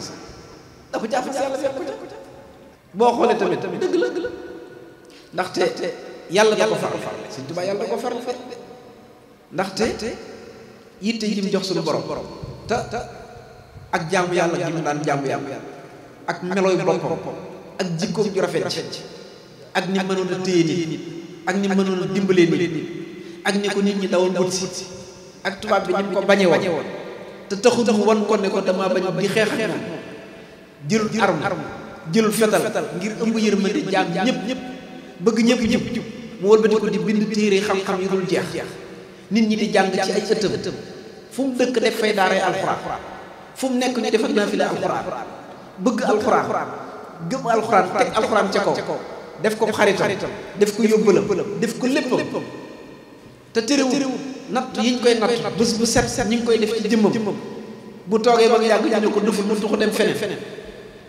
dafa jaamu yàlla fekk ko boo xoolee tamit dëgg la ndaxte yàlla da ko faral Sëñ Tuubaa yàlla da ko faral ndaxte yitte yi jox suñu borom te ak jaamu yàlla gi mu daan jaamu yàlla ak melooy boppam ak jikkoom ju rafet ci ak ni mënoon a téye nit ak ni mënoon dimbalee nit ak ni ko nit ñi dawoon wut si ak tubaab bi ni mu ko bañee woon te taxul mu wan ko ne ko dama bañ di xeex ak moom jëlul arme jëlul fetal ngir ëmb yërmande jaam ñëpp ñëpp bëgg ñëpp ñëpp mu wëlbati ko di bind téere xam-xam yu dul jeex nit ñi di jàng ci ay ëttam fu mu dëkk def fay daaray alxuraan fu mu nekk ñu defal naa fi la alxuraan bëgg alxuraan gëm alxuraan teg alxuraan ca kaw def ko xaritam def ko yóbbalam def ko léppam te terewul natt yi ñu koy natt bés bu set set ñu ngi koy def ci jëmmam bu toogee ba yàgg ñu ne ko duful mu tuxu dem feneen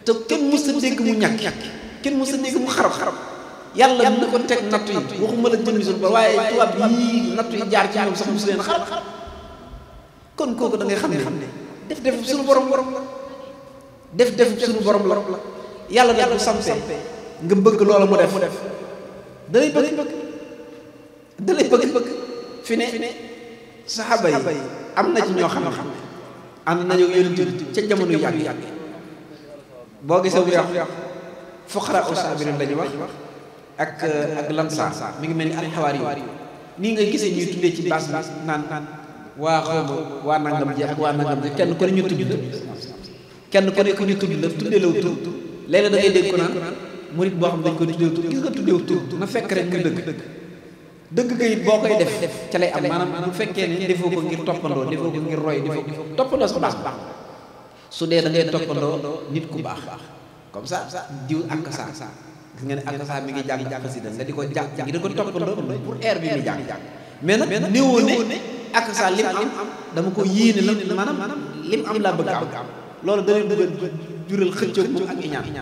te kenn mës a dégg mu ñàkk kenn mës a dégg mu xarab xarab yàlla mu ko teg natt yi waxuma la jëmmi suñu ba waaye tubaab yii natt yi jaar ci ñoom sax mosu leen xarab kon kooku da ngay xam ne xam ne def def suñu borom borom la def def suñu borom la yàlla def bu sampee nga bëgg loola mu def dalay bëgg dalay bëgg fi ne saxaaba yi am na ci ñoo xam ne ànd nañu yonent bi ca jamono yàgg yàgg boo gisee bu yàqu fuqara u saabirin lañu wax ak ak lansaar mi ngi mel ni alxawaar yi nii nga gisee ñuy tuddee ci baas bi naan waa xaw ma waa nangam ji ak waa nangam ji kenn ku ne ñu tudd kenn ku ne ku ñu tudd la tuddee law tur léeg-léeg dégg ko naan murit boo xam dañ ko tuddeew tur gis nga tuddeew tur na fekk rek nga dëgg dëgg nga it boo koy def ca lay am maanaam bu fekkee ne defoo ko ngir toppandoo defoo ko ngir roy defoo ko toppandoo su baax su dee da ngay toppandoo nit ku baax comme ça diw ak saa gis nga ne ak saa mi ngi jàng xasida nga di ko jàng ngi di ko toppandoo pour air bi mi jàng mais nag néewoo ne ak saa lim am dama ko yéene la maanaam lim am laa bëgg am loolu da leen bëgg jural xëccoo moom ak iñaan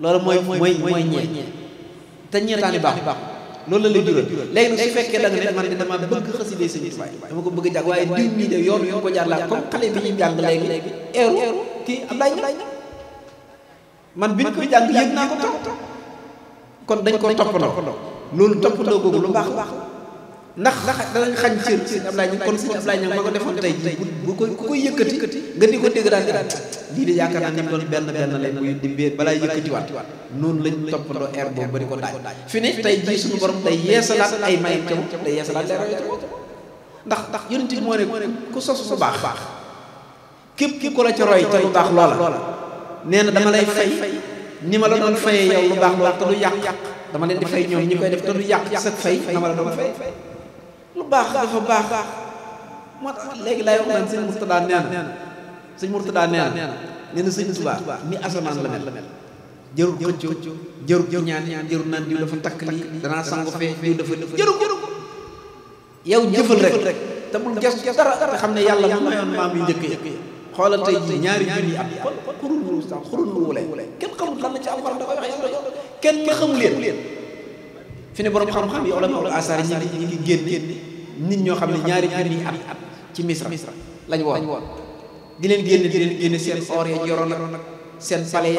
loolu mooy mooy mooy ñee te ñeetaani baax loolu la lay jural léegi nag su fekkee da nga ne man de dama bëgg xasida sëñ Tuubaa dama ko bëgg a jàng waaye diw ñi de yoon yoon ko jaar laa comme xale bi ñuy jàng léegi eeru kii Ablaye man bi ñu koy jàng yëg naa ko topp kon dañ ko toppandoo loolu toppandoo googu lu baax baax ndax ndax danañ xañ cër sëñ Ablaye ñu kon sëñ Ablaye ñu ma ko defoon tey ji bu koy ku koy yëkkati nga di ko dégg daal lii de yaakaar naa ñu doon benn benn lay muy di mbir balaa yëkkatiwaat noonu lañ toppandoo air boobu ba di ko daaj fi ne tey jii suñu borom day yeesalaat ay mayam ca moom day yeesalaat leer ca moom ndax ndax yonent bi moo ne ku sos su baax baax képp ki ko la ca roy ca lu baax loola nee na dama lay fay ni ma la doon fayee yow lu baax loola te du yàq dama leen di fay ñoom ñi koy def te du yàq sa fay lu baax dafa baax moo tax léegi lay wax naan sëñ Murtadaa nee na sëñ Murtadaa nee na nee na sëñ Tuubaa ni asamaan la mel jërul xëccoo jërul ñaan jërul naan diw dafa takk lii danaa sangu fee diw dafa jërul jërul yow jëfal rek te bul ges dara te xam ne yàlla mu mayoon maam yu njëkk yi xoolal tey jii ñaari junni at xurul wu sax xurul wu wule kenn xamul lan la ci am da koy wax yàlla kenn xamul leen fi ne borom xam-xam yi ulama asaar ñi ngi génn nit ñoo xam ne ñaari junni at at ci misra lañ woon di leen génne di leen génne seen or ya yoroon ak seen pale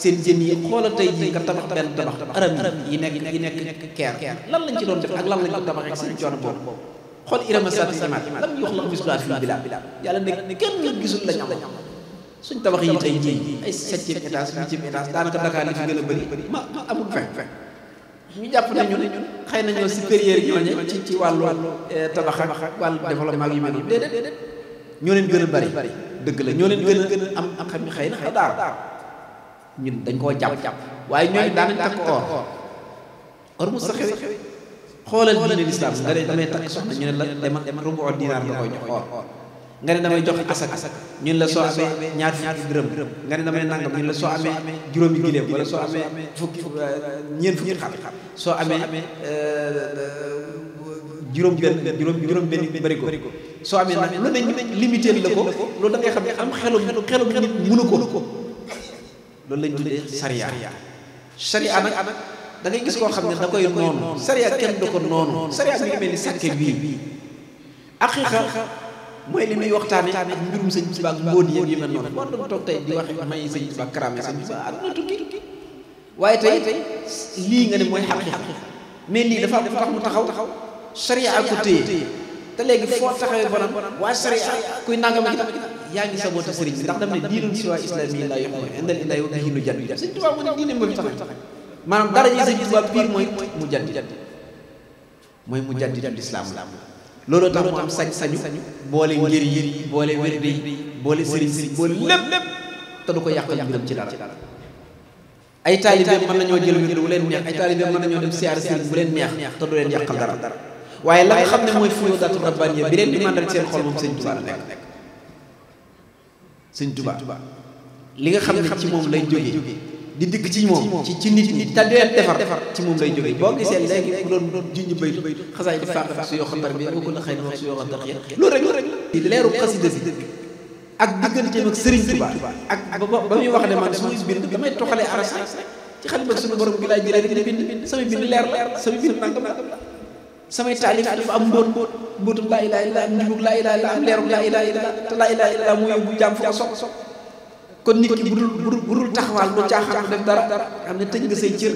seen jën yi xoolal tey nga tabax benn tabax aram yi nekk yi nekk keer lan lañ ci doon def ak lan lañ ko tabaxee seen coono boobu xool suñ tabax yi tey jii ay septième étage huitième étage daanaka Dakar li fi gën a bëri ma amul fin ñu jàpp ne ñun xëy na ñoo supérieur ñooñu ci ci wàllu eh, tabax ak wàllu développement yi mel noonu déedéet ñoo leen gën a bari dëgg la ñoo leen gën a am xam ne xëy na xëy daal ñun dañ koo jàpp waaye ñooñu daanañ takk or or mu sa xew xoolal diine lislaam nga ne damay takk soxna ñu ne la demal rubu dinaar la koy jox or nga ne damay joxe asaka ñun la soo amee ñaar fukki dërëm nga ne damay nangam ñun la soo amee juróomi giléem wala soo amee euh, fukki ñeent fukki xar soo amee euh, euh, juróom benn juróom benn barigo soo amee nag lu ne limité la ko loolu da ngay xam ne am xelum xelum nit mënu ko loolu lañ tuddee sariya sariya nag da ngay gis koo xam ne da koy noonu sariya kenn du ko noonu sariya mi ngi mel ni sàkke bii aqiqa mooy li muy waxtaane ak mbirum sëñ Tuubaa ngóon yéen yu mel noonu war doon toog tey di lii nga ne mooy xaqi mais lii dafa dafa mu taxaw sariya ko téye te léegi foo taxawee bonam waa sariya kuy nangam ak yaa ngi sabooti sëriñ bi dam ne diinun siwa islami la yox mooy indal ilay wa bihi mu ne diine mooy mu jaddi mooy mu jaddi lislaam la loolu tax mu am sañ-sañu boole ngir yi boole wérdi yi boole sëriñ sëriñ boole lépp lépp te du ko yàq mbiram ci dara ay taalibe mën nañoo jël wér bu leen neex ay taalibe mën nañoo dem siyaare sëriñ bu leen neex te du leen yàqal dara waaye la nga xam ne mooy fuyo datu rabbaaniya bi leen di màndal seen xol moom sëñ Tuubaa la nekk sëñ Tuubaa li nga xam ne xam ci moom lay jógee di dikk ci moom ci ci nit ñi te dee defar ci moom lay jógee boo gisee léegi ku wax su yoo xabar loolu rek loolu rek leeru xasida bi ak digganteem ak Sëriñ Tuubaa ak ba muy wax ne man su muy bind damay toxalee aras bi leer la samay bind dafa am mbóot mbóot mbóotum laa ilaaha illallaah njubug laa ilaaha illallaah leerug laa ilaaha illallaah te kon nit ki bu dul bu dul taxawaal doo caaxaan def dara xam ne tëj nga say cër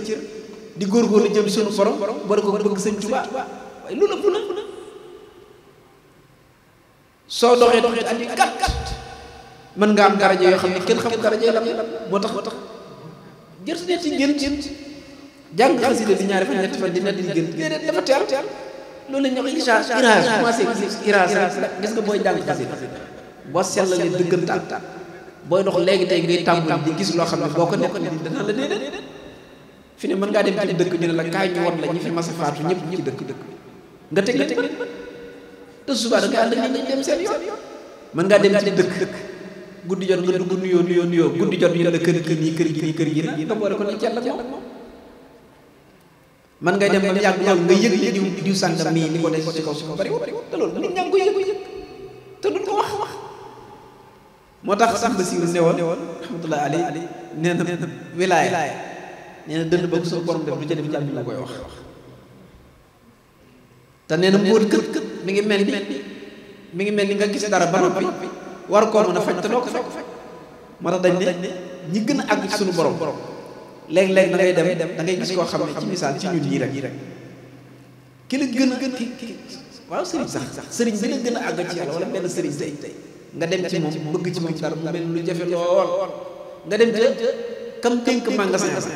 di góor góorgóorlu jëm suñu borom war ko bëgg sëñ Tuubaa waaye lu la bu la soo doxee doxee andi kat kat mën nga am daraja yoo xam ne kenn xamul daraja lam moo tax moo tax jër si ci gën gën jàng xasida di ñaari fan ñetti fan di net di gën déedéet dafa teel loolu la ñu wax irage irage commencé gis irage gis nga booy jàng xasida boo seetla ne dëggantaan booy dox léegi tey ngay tàmbali di gis loo xam ne boo ko nekk nit dana la déedéet fi ne mën ngaa dem ci dëkk ñu ne la kaay ñu won la ñi fi mas ñëpp dëkk dëkk nga teg nga teg te suba da nga ànd ak ñi dem seen yoon mën ngaa dem ci dëkk guddi jot nga dugg nuyoo nuyoo nuyoo guddi jot ñu ne la kër kër yi kër yi kër yi na nga boole ko ne ci yàlla moom man ngay dem ba mu yàgg loolu nga yëg li diw diw sàngam mii ni ko def ci kaw si ko bari te loolu nit ñaa ngi koy yëg te duñ ko wax wax moo tax sax Basiiru newoon rahmatullahi alayhi nee na wilaaya nee na dënn ba ko sa borom def du ca def jàmm ñu koy wax te nee na mbóot kët kët mi ngi mel ni mi ngi mel ni nga gis dara ba noppi war koo mën a faj te doo ko fekk moo dañ ne ñi gën a àgg ci suñu borom léeg-léeg da ngay dem da ngay gis koo xam ne ci misaal ci ñun ñii rek ki la gën a gën ki waaw sëriñ sax sëriñ bi la gën a àgg ci yàlla wala benn sëriñ tey nga dem ci moom bëgg ci moom dara mu mel lu jafe lool nga dem ca kam dénk magasin ba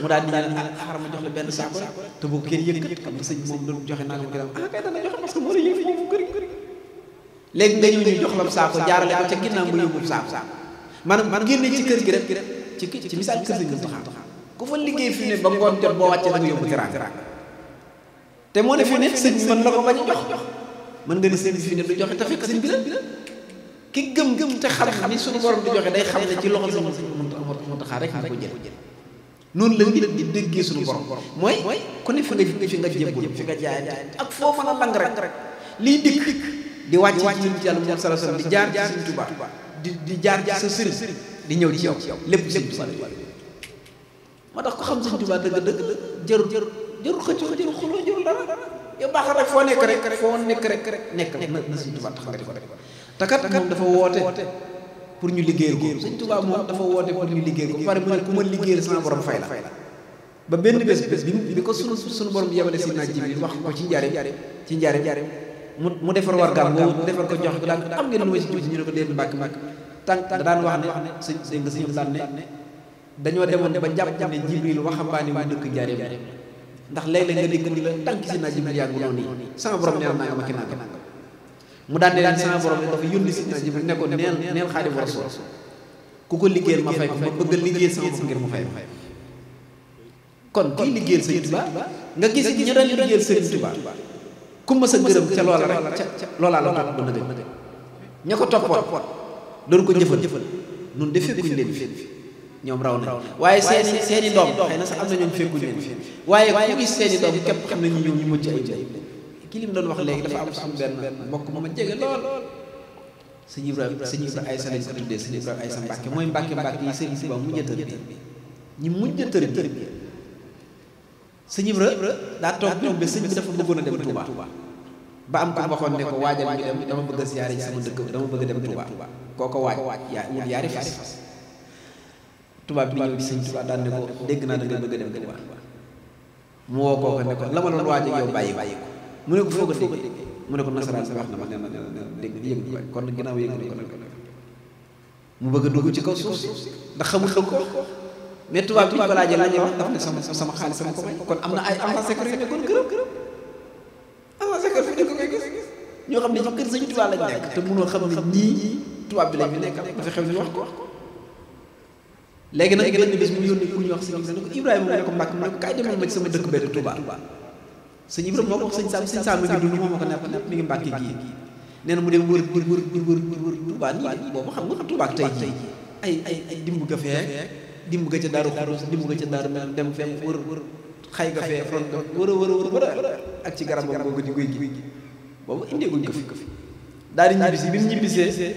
mu daal di ñaan ah xaaral ma jox la benn saako te boobu kenn yëkkat xam nga sëñ moom doon joxe naa ah, ma yëg yëfu kër saako jaarale ko ca ginnaaw mu yëngu saako maanaam génne ci kër gi rek ci ci misaal kër gi nga taxaw ku fa liggéey fii ne ba ngoon jot boo wàccee nag yóbbu teraanga te moo ne fii ne sëñ mën la ko bañ a jox mën nga ni sëñ bi fii ne du joxe te fekk sëñ bi ki gëm gëm te xam ni suñu borom di joxe day xam ne ci loxo suñu Muntaxa rek ñu ko jël noonu la nit di déggee suñu borom mooy ku ne fi nga fi nga jébbul fi nga jaayante ak foo mën a lang rek liy dikk di wàcc ci nit yàlla moom sala sala di jaar ci suñu Tuubaa di di jaar ci sa sëriñ di ñëw ci yow lépp lépp sal moo tax ko xam suñu Tuubaa dëgg dëgg jarul jarul jarul xëccoo jarul xuloo jarul dara yow baax rek foo nekk rek foo nekk rek nekk na suñu Tuubaa tax nga di ko rek takat moom dafa woote pour ñu liggéeyal ko sëñ Tuubaa moom dafa woote pour ñu liggéeyal ko ba pare mu ne ku ma liggéeyal sama borom fay la ba benn bés bi bi ko sunu sunu borom yebale si naaj ji wax ko ci njaareem ci njaareem mu mu defar war gam boobu defar ko jox ko am ngeen lu ma si tuuti ñu ne ko déet mbàkk mbàkk tànk daan wax ne sëñ dégg nga sëñ daan ne dañoo demoon ba jàpp ne jibril waxambaane mu dëkk njaareem ndax léeg-léeg nga dégg la si naaj ji yàggu noonu sama borom nee na naa ma ki nangam mu daan ne leen sama borom dafa yónni si Jibril ne ko neel neel Xaadimu Rasuul ku ko liggéeyal ma fay ko ma bëgg a liggéeyal sama bopp ngir mu fay ma kon kii liggéeyal Sëriñ Tuubaa nga gis it ña daan liggéeyal Sëriñ Tuubaa ku ma sa gërëm ca loola rek ca loola la topp ba nëgëj ña ko toppoon doon jëfal nun de fekkuñ leen fi ñoom raw na waaye seeni seeni doom xëy na sax am na ñoom fekkuñ leen fi waaye ku gis seeni doom képp xam nañu ñoom ñu mucc ay ki lim doon wax léegi dafa am suñu benn mbokk mu ma jege lool sëñ Ibrahima sëñ Ibrahima Aysa lañ ko tuddee sëñ Ibrahima Aysa Mbàkke mooy Mbàkke Mbàkke yi sëñ Tuubaa mujj tër bi ñi mujj tër bi sëñ dafa bëggoon a dem Touba ba am ko waxoon ne ko waajal ñu dem dama sama dëkk dama a dem ko waaj yaa wut yaari fas bi ñëw sëñ Touba daan ne dégg naa da nga bëgg a dem Touba mu woo kooku ne ko la ma doon waaj ak bàyyi bàyyi ko mu ne ko foo ko déggee mu ne ko nasaraan bi wax na ma nee na nee na dégg na yëg na kon ginnaaw yëg na ko a dugg ci kaw suuf si ndax xamul ko mais tubaab bi ñu ko laajee laajee wax sama sama xaalis sama ko kon am na ay avancé kër ñoo xam ne ci kër sëñ tubaab lañ nekk te mënoo xam ne ñii tubaab bi lañ fi nekkal wax ko léegi nag benn bis mu yónni ku ñu wax si ñu ne ko Ibrahima mu ne ko mbàkk mu ne ko kaay demal ma ci sama dëkk bekk Tuubaa sëñ Ibrahima moo ko wax sëñ Saam sëñ Saam moom moo nekk mi ngi Mbàkke gii mu dem wër wër wër wër wër Tuubaa nii boobu xam nga xam Tuubaa tey jii ay ay ay dimb ga fee dimb ga ca Daaru Xuruus dimb ga ca Daaru dem fee wër xay ga fee front wër wër wër ak ci garab garab googu di guy gi boobu indeeguñ ko fi ko fi daal di ñibbisi bi mu ñibbisee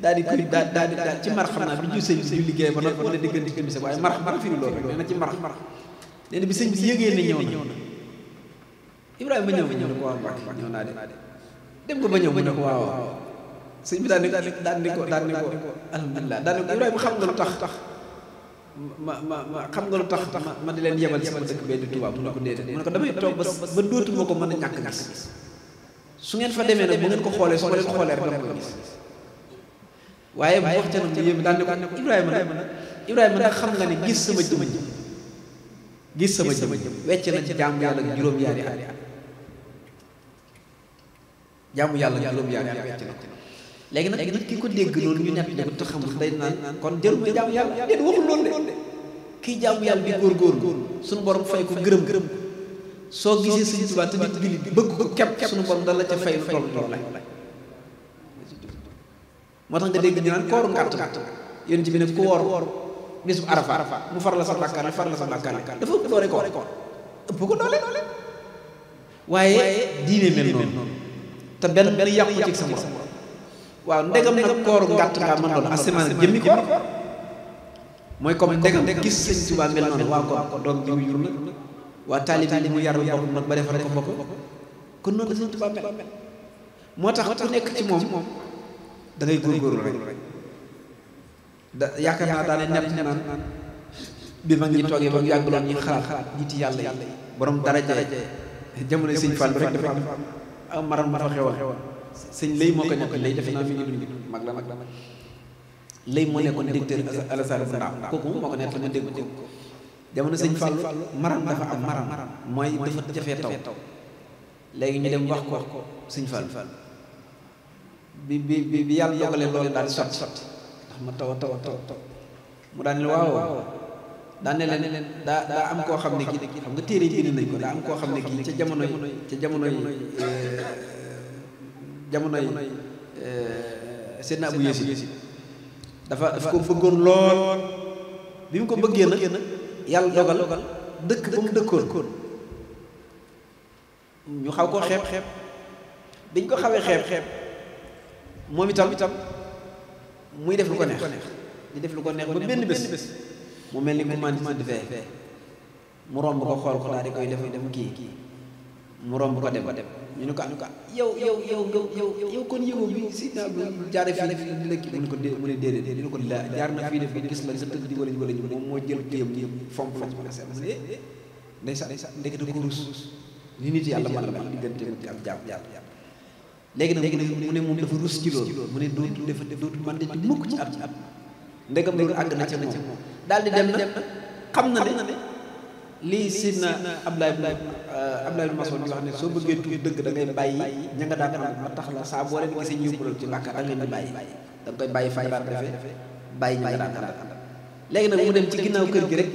daa di kuri daal daal di daal ci mar xam naa bi ju sëñ bi suñu liggéey ba noppi wala diggante diggante waaye mar mar firi loolu nee na ci mar nee bi sëñ bi Ibrahima ñëw ñëw ko waa Mbàkke ñëw naa de dem ko ba ñëw mu ne ko waaw sëñ bi daan ni daan ni ko daan ni ko alhamdulilah daan ni ko Ibrahima xam nga lu tax ma ma ma xam nga lu tax ma di leen yebal sama dëkk bee di Tuubaa mu ne ko déedéet mu ne ko damay toog ba ba dootuma ko mën a ñàkk gis su ngeen fa demee nag bu ngeen ko xoolee su ma leen xoolee rek dama ko gis waaye bu wax ca nag mu yëpp daan ni ko Ibrahima nag Ibrahima nag xam nga ni gis sama jëmm gis sama jëmm wecc na ci jàmm yàlla juróom-yaari at jaamu yàlla juróom-yaar yaa wecc na léegi nag nit ki ko dégg loolu ñu nekk ko te xamul day naan kon jarul may jaamu yàlla déet waxul loolu de kii jaamu yàlla bi góor-góor suñu borom fay ko gërëm gërëm soo gisee Sëriñ Tuubaa te nit bi bëgg ko kepp suñu borom dana la ca fay toll toll la moo tax nga dégg ñu naan kooru ngàtt yéen ci bi ne ku woor bis bu arafa mu far la sa bàkkaar ne far la sa bàkkaar ne dafa ëpp doole koor ëpp ko doole waaye diine mel noonu te benn benn yàqu ci sa morom waaw ndegam nag kooru gàtt ngaa mën doon asamaan jëmmi ko mooy comme ndegam gis sëñ Tuubaa mel noonu waa ko doom bi mu jur la waa taalib yi mu yaral bopp nag ba defal ko bopp kon noonu moo tax ku nekk ci moom da ngay góorgóorlu rek da yaakaar naa daane nekk naan bi ma ngi toogee ba mu yàgguloon ñu xalaat xalaat nit yàlla yi borom daraja jamono sëñ Fall rek dafa am am maram ma fa xewoon sëñ lay moo ko nekk lay defe naa mi ngi dund mag la mag la mag lay moo nekkoon directeur Alassane bu ndaw kooku moom moo ko nekk ma dégg ko jamono sëñ Fallou maram dafa am maram mooy dafa jafee taw léegi ñu dem wax ko sëñ Fallou bi bi bi yàlla dogalee loolu daal di sotti sotti ndax ma taw a taw a taw mu daan waaw daa ne leen daa daa am koo xam ne kii xam nga téere yi bind nañ ko daa am koo xam ne kii ca jamono yi ca jamono yi jamono yi Seydina Abu Yasid dafa dafa ko fëggoon lool bi mu ko bëggee nag yàlla dogal dëkk ba mu dëkkoon ñu xaw koo xeeb xeeb biñ ko xawee xeeb xeeb moom itam itam muy def lu ko neex di def lu ko neex ba benn bés mu mel ni ku màndi tëdd fee mu romb ko xool ko daal di koy def dem kii mu romb ko dem ñu ne ko am ah, yow yow yow yow yow kon yow bi si naa jaare fii fii di la kii ko dé mu ne déedéet ñu ne ko jaar na fii def gis la sa tëdd di wala wala moom moo jël téyam yëpp fomp la mën a seet mu ne ndeysa ndekete ko rus li nit yàlla mën la mën diggante ak jàpp jàpp léegi nag mu ne moom dafa rus ci loolu mu ne dootul dafa dootul man mukk ci at ndegam loolu àgg na ca moom daal di dem na xam na ne lii sidna Ablaye Ablaye ibn Mas'ud euh, di wax ne soo bëggee tuub dëgg da ngay bàyyi ña nga daan am tax la saa boo leen gisee ñuy pural ci bàkkaar da ngeen bàyyi da nga koy bàyyi fay daan bàyyi ña nga daan am léegi nag mu dem ci ginnaaw kër gi rek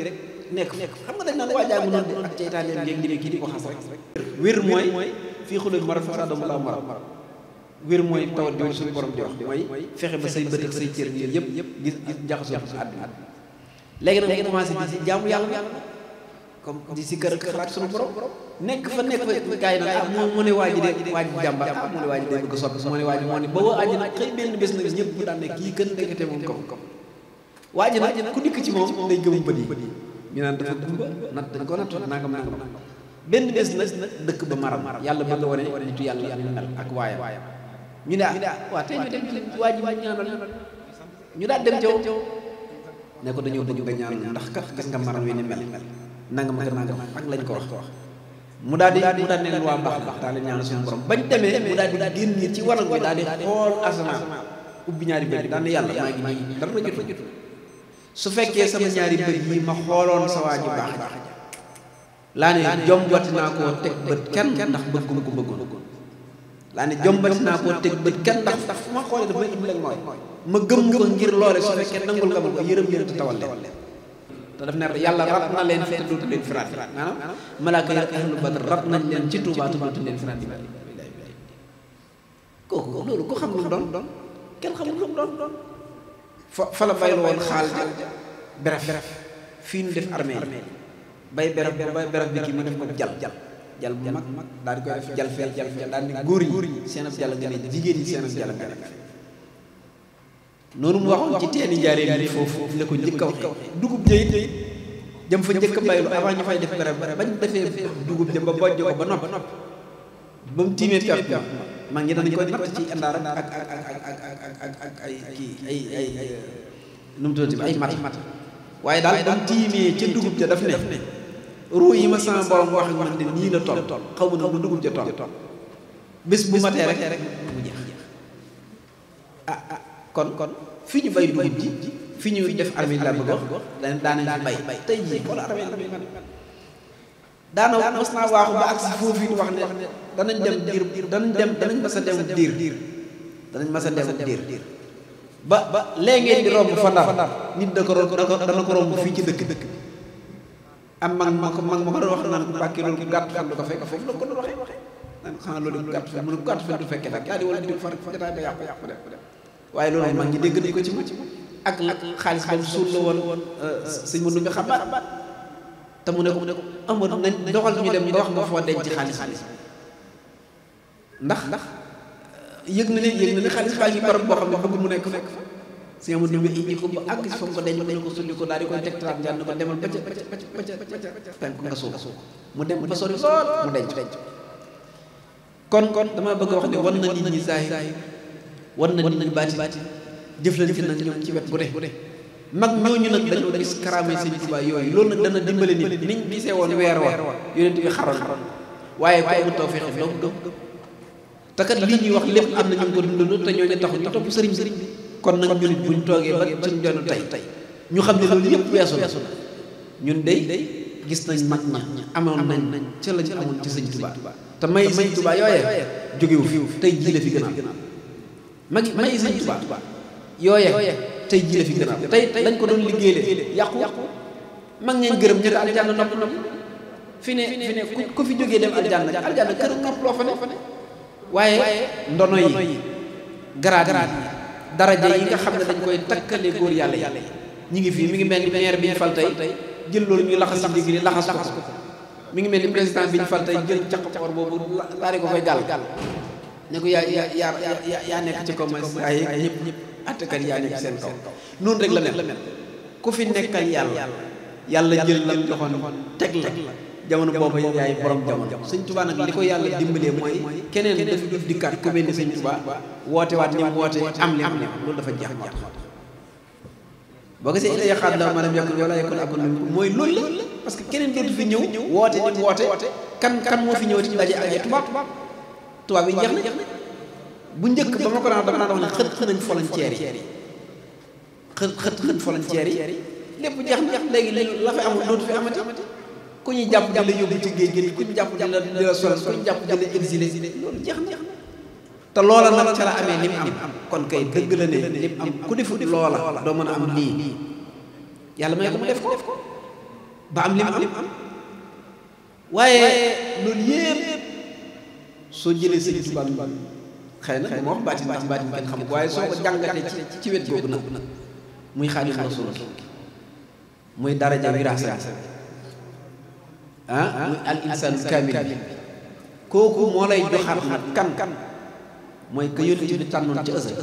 nekk xam nga dañ naan waajaay mu noonu ak ceytaan leen ngeen ngiree kii di ko xas rek wér mooy fii xulul mara fa saadamu laa mara wér mooy tawat suñu borom di wax mooy fexe ba say bët say cër yëpp gis gis njaxasoo àdduna léegi nag mu commencé di si jaamu yàlla comme di si kër kër ak sunu borom nekk fa nekk fa gars yi nag ah mu ne waa ji de waa ji jàmbaar ah mu ne benn bés nag ko nat nangam nangam benn bés nag dëkk ba maram yàlla bëgg a wane nitu yàlla ñu mel ak waayam ñu ne ah waa tey ñu dem waa ji ñu daal dem ca ne ko dañoo bëgg nga ñaan ndax ka gis nga mar wi ni mel nangam ak nangam ak lañ ko wax mu daal di mu daal di ne waa mbaax mbaax daal di ñaan suñu borom bañ demee mu daal di bi daal di xool asamaan ubbi ñaari bët daal di yàlla maa ngi nii dara ma su fekkee sama ñaari bët yi ma xooloon sa waa ji baax laa ne jombati naa koo teg bët kenn ndax bëggum ko bëggoon laa ne jombati naa koo teg bët kenn ndax fu ma xoolee daf may ubbi lañ mooy ma gëm ko ngir loole su fekkee nangul nga ma ko yërëm yërëm te tawal leen te daf ne yàlla rab na leen fee dootu leen firaat yi maanaam malaaka ya ahlu badr rab nañ leen ci Tuubaa te dootu leen firaat yi kooku loolu ko xam lu mu doon doon kenn xamul lu mu doon doon fa fa la baylu woon xaal ja beref fii ñu def armée bay beref bay beref bi kii mu def ko jal jal jal bu mag daal di koy def jal feel jal feel daal di góor ñi seen ab jal nga ne jigéen ñi seen ab jal nga ne noonu mu waxoon ci teeni njaareen bi foofu la ko njëkk kaw waxe dugub jëyit jëm fa njëkk a baylu avant ñu fay def garab bañ defee dugub jëm ba bojj ko ba nopp ba mu tiimee kaf bi maa ngi dañ koy natt ci àndaar ak ak ak ay kii ay ay mat mat waaye daal ba mu tiimee ca dugub ja daf ne ruu yi ma sama borom wax ak man de nii la tool xaw ma na lu dugub ja toll bis bu matee rek kon kon fi ñu bay dugub ji fi ñuy def armée la bëgg wax daanañ fi bay tey jii xool armée bi man daana mos naa waaxu ba ak si foofu wax ne danañ dem diir danañ dem danañ mas dem diir danañ mas dem diir ba ba léegi ngeen di romb fa ndar nit da ko dana ko romb fii ci dëkk dëkk bi am mag ma ko mag ma ko doon wax naan bàkki loolu gàtt fan fekk foofu la ko xanaa loolu gàtt fan mu gàtt fan du fekkee nag yaa yàqu yàqu dem waaye loolu mag ñi dégg nañ ko ci moom ak xaalis boobu suul la woon euh, euh, euh, sëñ ma ndumbe xambaat te mu ne ko amul nañ doxal ñu dem nga wax nga foo denc xaalis ndax ndax yëg na ne yëg na ne xaalis baa ngi barab boo xam ne bëggul mu nekk fekk sëñ ma ndumbe indi ko ba àgg si fa mu ko denc dañ ko sulli ko daal di koy teg traat jànn ko demal ba ca nga suul mu dem ba sori lool mu denc kon kon dama bëgg wax ne wan na nit ñi zaahir war na nit baati jëflante nag ñoom ci wet bu ne mag ñooñu nag dañoo gis karaamay sëñ Tuubaa yooyu loolu nag dana dimbale nit niñ gisee woon weer wa yonent bi xaroon waaye ko amul tawfeex doo ko gëm te kat lii wax lépp am na ñu ko dund te ñooñu taxu ñu topp sëriñ sëriñ bi kon nag ñu nit buñ toogee ba suñ jonn tey ñu xam ne loolu yëpp weesu la ñun day gis nañ mag ña amoon nañ ca lañ amoon ci sëñ Tuubaa te may sëñ Tuubaa yooyee jógewu fi tey jii la fi gën a magi magi sëñ Tuubaa yooye tey ji la fi gën a tey lañ ko doon liggéey liggéeyale yàqu mag neen gërëm ñu aljanna nopp nopp fi ne fi ne ku fi jógee dem aljanna aljanna kër kër loo fa ne waaye ndono yi garaat yi daraja yi nga xam ne dañ koy takkale góor yàlla yi ñu ngi fii mu ngi mel ni maire bi ñu fal tey jël loolu ñu laxas digg ni laxas ko mi ngi mel ni président bi ñu fal tey jël caq or boobu laari ko koy gàll ne ko yaa yaa yaa yaa nekk ci commissariat yi ak ñëpp ñëpp àttekat yaa nekk seen kaw noonu rek la mel ku fi nekkal yàlla yàlla jël la joxoon teg la jamono boobu yaay borom jamono sëñ Tuubaa nag li ko yàlla dimbalee mooy keneen dafa jub dikkaat ku mel ni sëñ Tuubaa woote waat ni mu woote am li loolu dafa jeex jeex boo gisee ila yaqaat la maanaam yokk wala yokk ak mooy loolu la parce que keneen dootu fi ñëw woote ni mu woote kan kan moo fi ñëw ci daje ak tubaab tubaab yi jeex na bu njëkk ba ma ko daan dama daan wax ne xët xënañ volontaire yi xët xët xën volontaire yi lépp jeex na léegi léegi la fa amul dootu fi amati ku ñu jàpp di la yóbbu ci géej gi ku ñu jàpp di la di la sol ku ñu jàpp di la exilé loolu jeex na te loola nag ca la amee li mu am kon kay dëgg la ne li mu am ku defut loola doo mën a am lii yàlla may ko mu def ko ba am li mu am waaye loolu yépp soo jëlee sëñ Tuubaa bi xëy na ma wax baatin ndax baatin kenn xamul waaye soo ko jàngatee ci ci wet googu nag muy Xaadimu Rasuul muy daraja wiraasa ah muy al insaanu kaamil bi kooku moo lay joxaat kan kan mooy ka yónni bi tànnoon ci ësël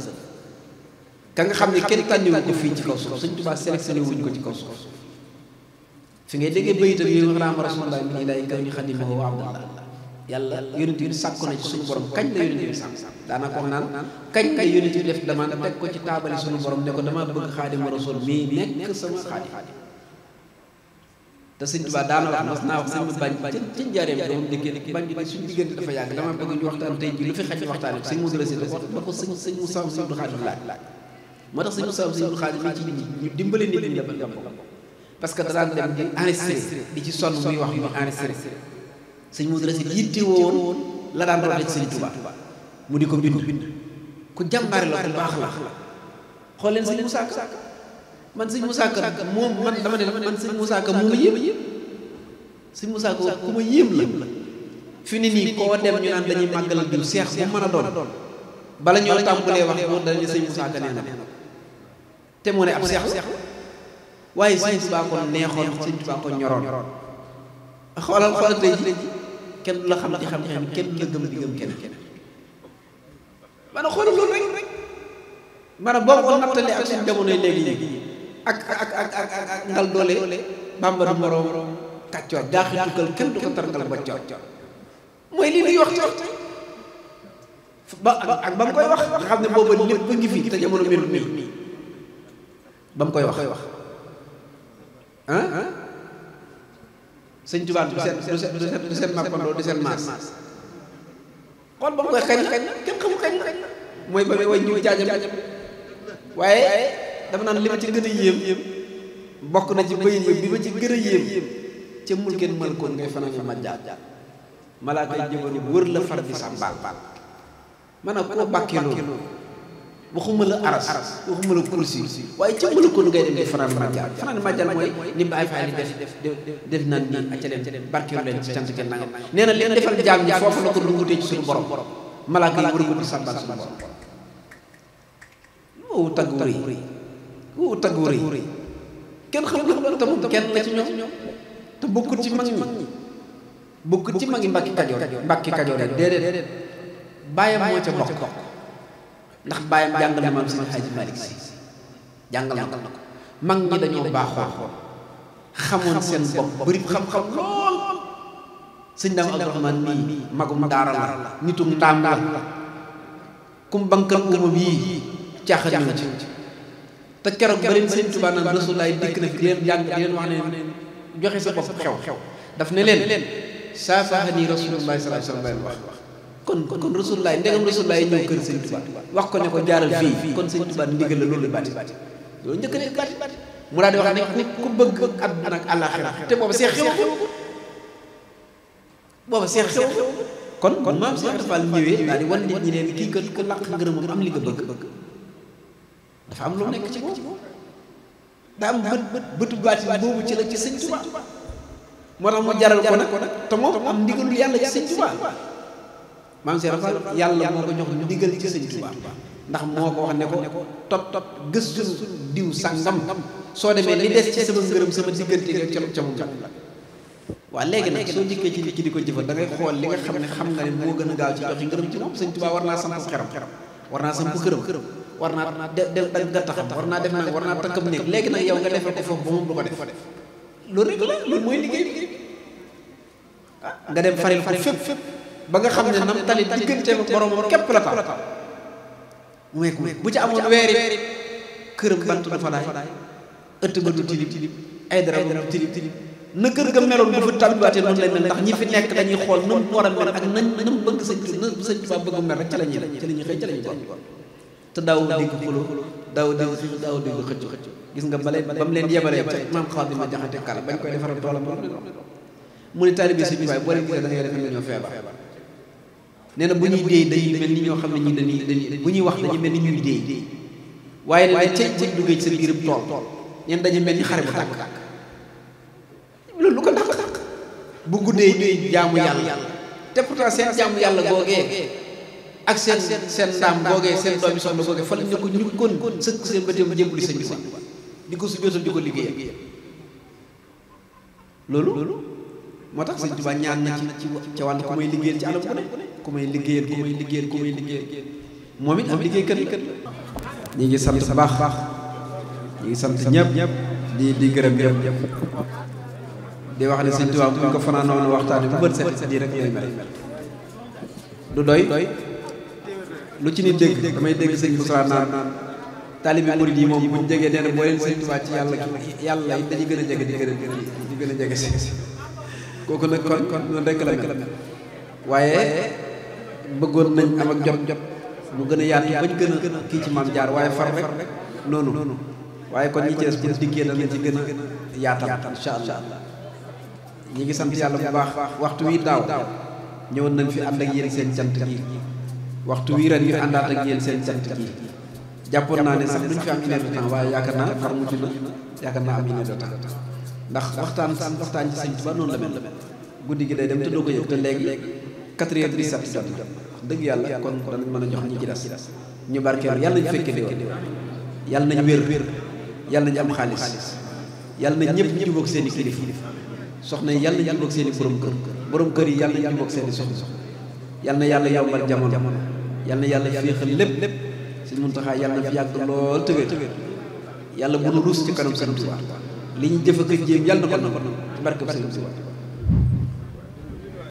ka xam ne kenn tànniwu ko fii ci kaw suuf sëñ Tuubaa wuñ ko ci kaw suuf fi ngay déggee bayitam yi nga xam ne Rasulullah mi ngi lay kaw ni xadimahu wa yàlla yonent bi sàkku na ci suñu borom kañ la yonent bi sàkk daanaka wax naan kañ la yonent bi def demande teg ne ko dama bëgg xaadimu rasul mii nekk sama xaadim te sëñ Tuubaa daana wax mas naa wax sëñ mu ci njaareem doon diggante bañ suñu diggante dafa yàgg dama bëgg ñu waxtaan tey jii lu fi xaj waxtaan sëñ Mudu Lasin da ko sëñ sëñ Musaa sëñ Abdu Xaadim laaj moo tax sëñ Musaa sëñ Abdu Xaadim ci ñu dimbale nit ñi dafa parce que da daan dem di enregistré di ci sonn wax sëñ Modou Racine yitte la daan doon def sëñ Touba mu ko bind ku jàmbaare la ku baax la xool leen sëñ Moussa Ka man sëñ Moussa Ka moom man dama ne man sëñ Moussa Ka moom la yéem sëñ Moussa Ka ku ma yéem la fi ni nii koo dem ñu naan dañuy màggalal du seex bu mën a doon bala ñoo tàmbalee wax moom dañuy sëñ Moussa Ka nee na te mu ne ab seex la waaye sëñ Touba ko neexoon sëñ Touba ko ñoroon kenn du la xam ci xam-xam kenn du la gëm di gëm kenn kenn maanaam xoolal loolu rek maanaam boo ko nattale ak suñu jamonoy léegi ak ak ak ak ak ngal doole bambara moroom kàccoor daaxi dugal kenn du ko tarngal ba coor mooy lii nuy wax ci ba ak ba mu koy wax nga xam ne booba lépp ngi fi te jamono mel nii ba mu koy wax ah? sëñ Tuubaa du seen du seen du seen makkandoo du seen maas xool ba mu koy xañ xañ kenn xamu xañ mooy ba muy way ñu jaajam waaye dafa naan li ma ci gën a yéem bokk na ci bëy bi ma ci gën a yéem ca mul kenn mën koon ngay fanaan fa ma jaar malaaka yi jëbaru wër la far bi sa mbaal mën a koo bàkkee loolu waxuma la aras waxuma la kursi waaye ci mëlëkoon ngay dem di fanaan màjjal fanaan màjjal mooy li Baay Faal di def def naan nii accaleen barkeelu leen ci cant kenn nangam nee na leen defal jaam ñi foofu la ko dugutee ci suñu borom malaaka yi war ko di sàmbal suñu borom woowu tagg wuri woowu tagg wuri kenn xam nga lu tamu kenn la ci ñoom te bokkut ci mag ñi bokkut ci mag yi mbàkki kajoor mbàkki kajoor déedéet bàyyam moo ca bokk ndax bàyyam jàngal na maam Seydi Hadji Malick Si jàngal na ko mag ñi dañoo baaxoo xamoon seen bopp bëri xam-xam lool sëñ Daam Abdourahmane nii magum daara la nitum taam la kum bankal umam yii caaxaan na ci te keroog ba leen sëñ Tuubaa naan Rasulullaay dikk na fi leen jàng wax ne joxe sa bopp xew daf ne leen saafahani Rasulullaay sallallahu alayhi wa sallam wax kon kon Rasulullah ndegam Rasulullah yi ñëw kër Sëñ Tuubaa wax ko ne ko jaaral fii kon Sëñ Tuubaa ndigal la loolu bati loolu njëkk ne bati mu daal di wax ne ku te booba seex xew booba seex kon kon maam Seex Ibra Faal ñëwee daal di wan nit ñi am li nga bëgg dafa am lu nekk ci moom daa am bët bët bëtu baati boobu ci la ci Sëñ Tuubaa moo tax mu jaral ko nag te moom am ndigalul yàlla ci Sëñ Tuubaa maam Cheikh Ibra Fall yàlla moo ko jox ndigal ci sëñ Tuubaa ndax moo ko wax ne ko topp topp gëstu diw sàngam soo demee li des ci sama ngërëm sama diggante ca ca moom la waaw léegi nag soo dikkee ci nit di ko jëfal da ngay xool li nga xam ne xam nga ne moo gën a gaaw ci joxe ngërëm ci moom sëñ Tuubaa war naa samp xeram war naa samp këram war naa def da taxam war naa def nag war naa takkam néeg léegi nag yow nga defee ko foofu moom du ko def loolu rek la mooy nga dem faril ko fépp fépp ba nga xam ne nam tali digganteem ak borom képp la taw bu ci amoon weeri këram bant du fa daay ëtt ba du tilib ay dara du tilib tilib na kër ga meloon bu fa tabiwaatee noonu lay mel ndax ñi fi nekk dañuy xool na mu war a mel ak nañ na sëñ Tuubaa bëgg mel gis nga bale ba mu leen yebalee ca maam xawaat ma jaxante kala bañ koy defaral toolam mu ne taalibe sëñ Tuubaa boo leen gisee da ngay defe ne ñoo feebar nee na bu ñuy déey dañuy mel ni ñoo xam ne ñi dañuy dañuy bu ñuy wax dañuy mel ni ñuy déey waaye nee na ceeb bu ñu duggee ci sa tool neen dañuy mel ni xare bu tàkk loolu lu ko dàq bu guddee ñuy jaamu yàlla te pourtant seen jaamu yàlla googee ak seen seen ndaam googee seen doomi soxna googee fa lañ ne ko ñu kon sëkk seen bëtam jëmbali sëñ bi di ko su jootal di ko liggéeyal loolu moo tax sëñ Tuubaa ñaan na ci ci wàllu ko may liggéeyal ci anam bu ne ku may liggéeyal ku may liggéeyal ku may liggéeyal moom it am liggéeykat la ñu ngi sant baax ñu ngi sant ñëpp di di gërëm ñëpp di wax ne sëñ Tuubaa bu ñu ko fanaanoon waxtaane bu bët set di rek lay mel du doy lu ci ni dégg damay dégg sëñ Moussa naan taalibi murid yi moom buñ jegee nee na boo leen sëñ Tuubaa ci yàlla yàlla yi dañuy gën a jege di di gën a jege si kooku nag kon kon noonu rek la mel waaye bëggoon nañ am ak jot jot mu gën a yaatu bañ gën a kii ci maam jaar waaye far rek noonu waaye kon ñi ci des bu dikkee danañ ci gën a yaatal incha allah ñi ngi sant yàlla bu baax waxtu wi daaw ñëwoon nañ fi ànd ak yéen seen cant gi waxtu wii ren ñu àndaat gi jàppoon naa ne sax duñ fi am une heure de temps waaye yaakaar naa far mujj na yaakaar naa am une heure de temps ndax waxtaan waxtaan ci sëñ ba noonu la mel guddi gi day dem te doo ko te léegi quatrième bi sat sat dëgg yàlla kon danañ mën a jox ñi ci des ñu barkeel yàlla nañu fekke diwoon yàlla nañ wér yàlla nañu am xaalis yàlla nañ ñëpp ñu jubóog seen i kilifa soxna yi yàlla nañ jubóog seen i borom kër borom kër yi yàlla nañ jubóog seen i soxna yàlla na yàlla yombal jamono yàlla na yàlla féexal lépp lépp suñ Muntaxa yàlla na fi yàgg lool tëwéer yàlla bu nu ruus ci kanam seen Tuubaa li ñu jëf ak jéem yàlla na ko na ci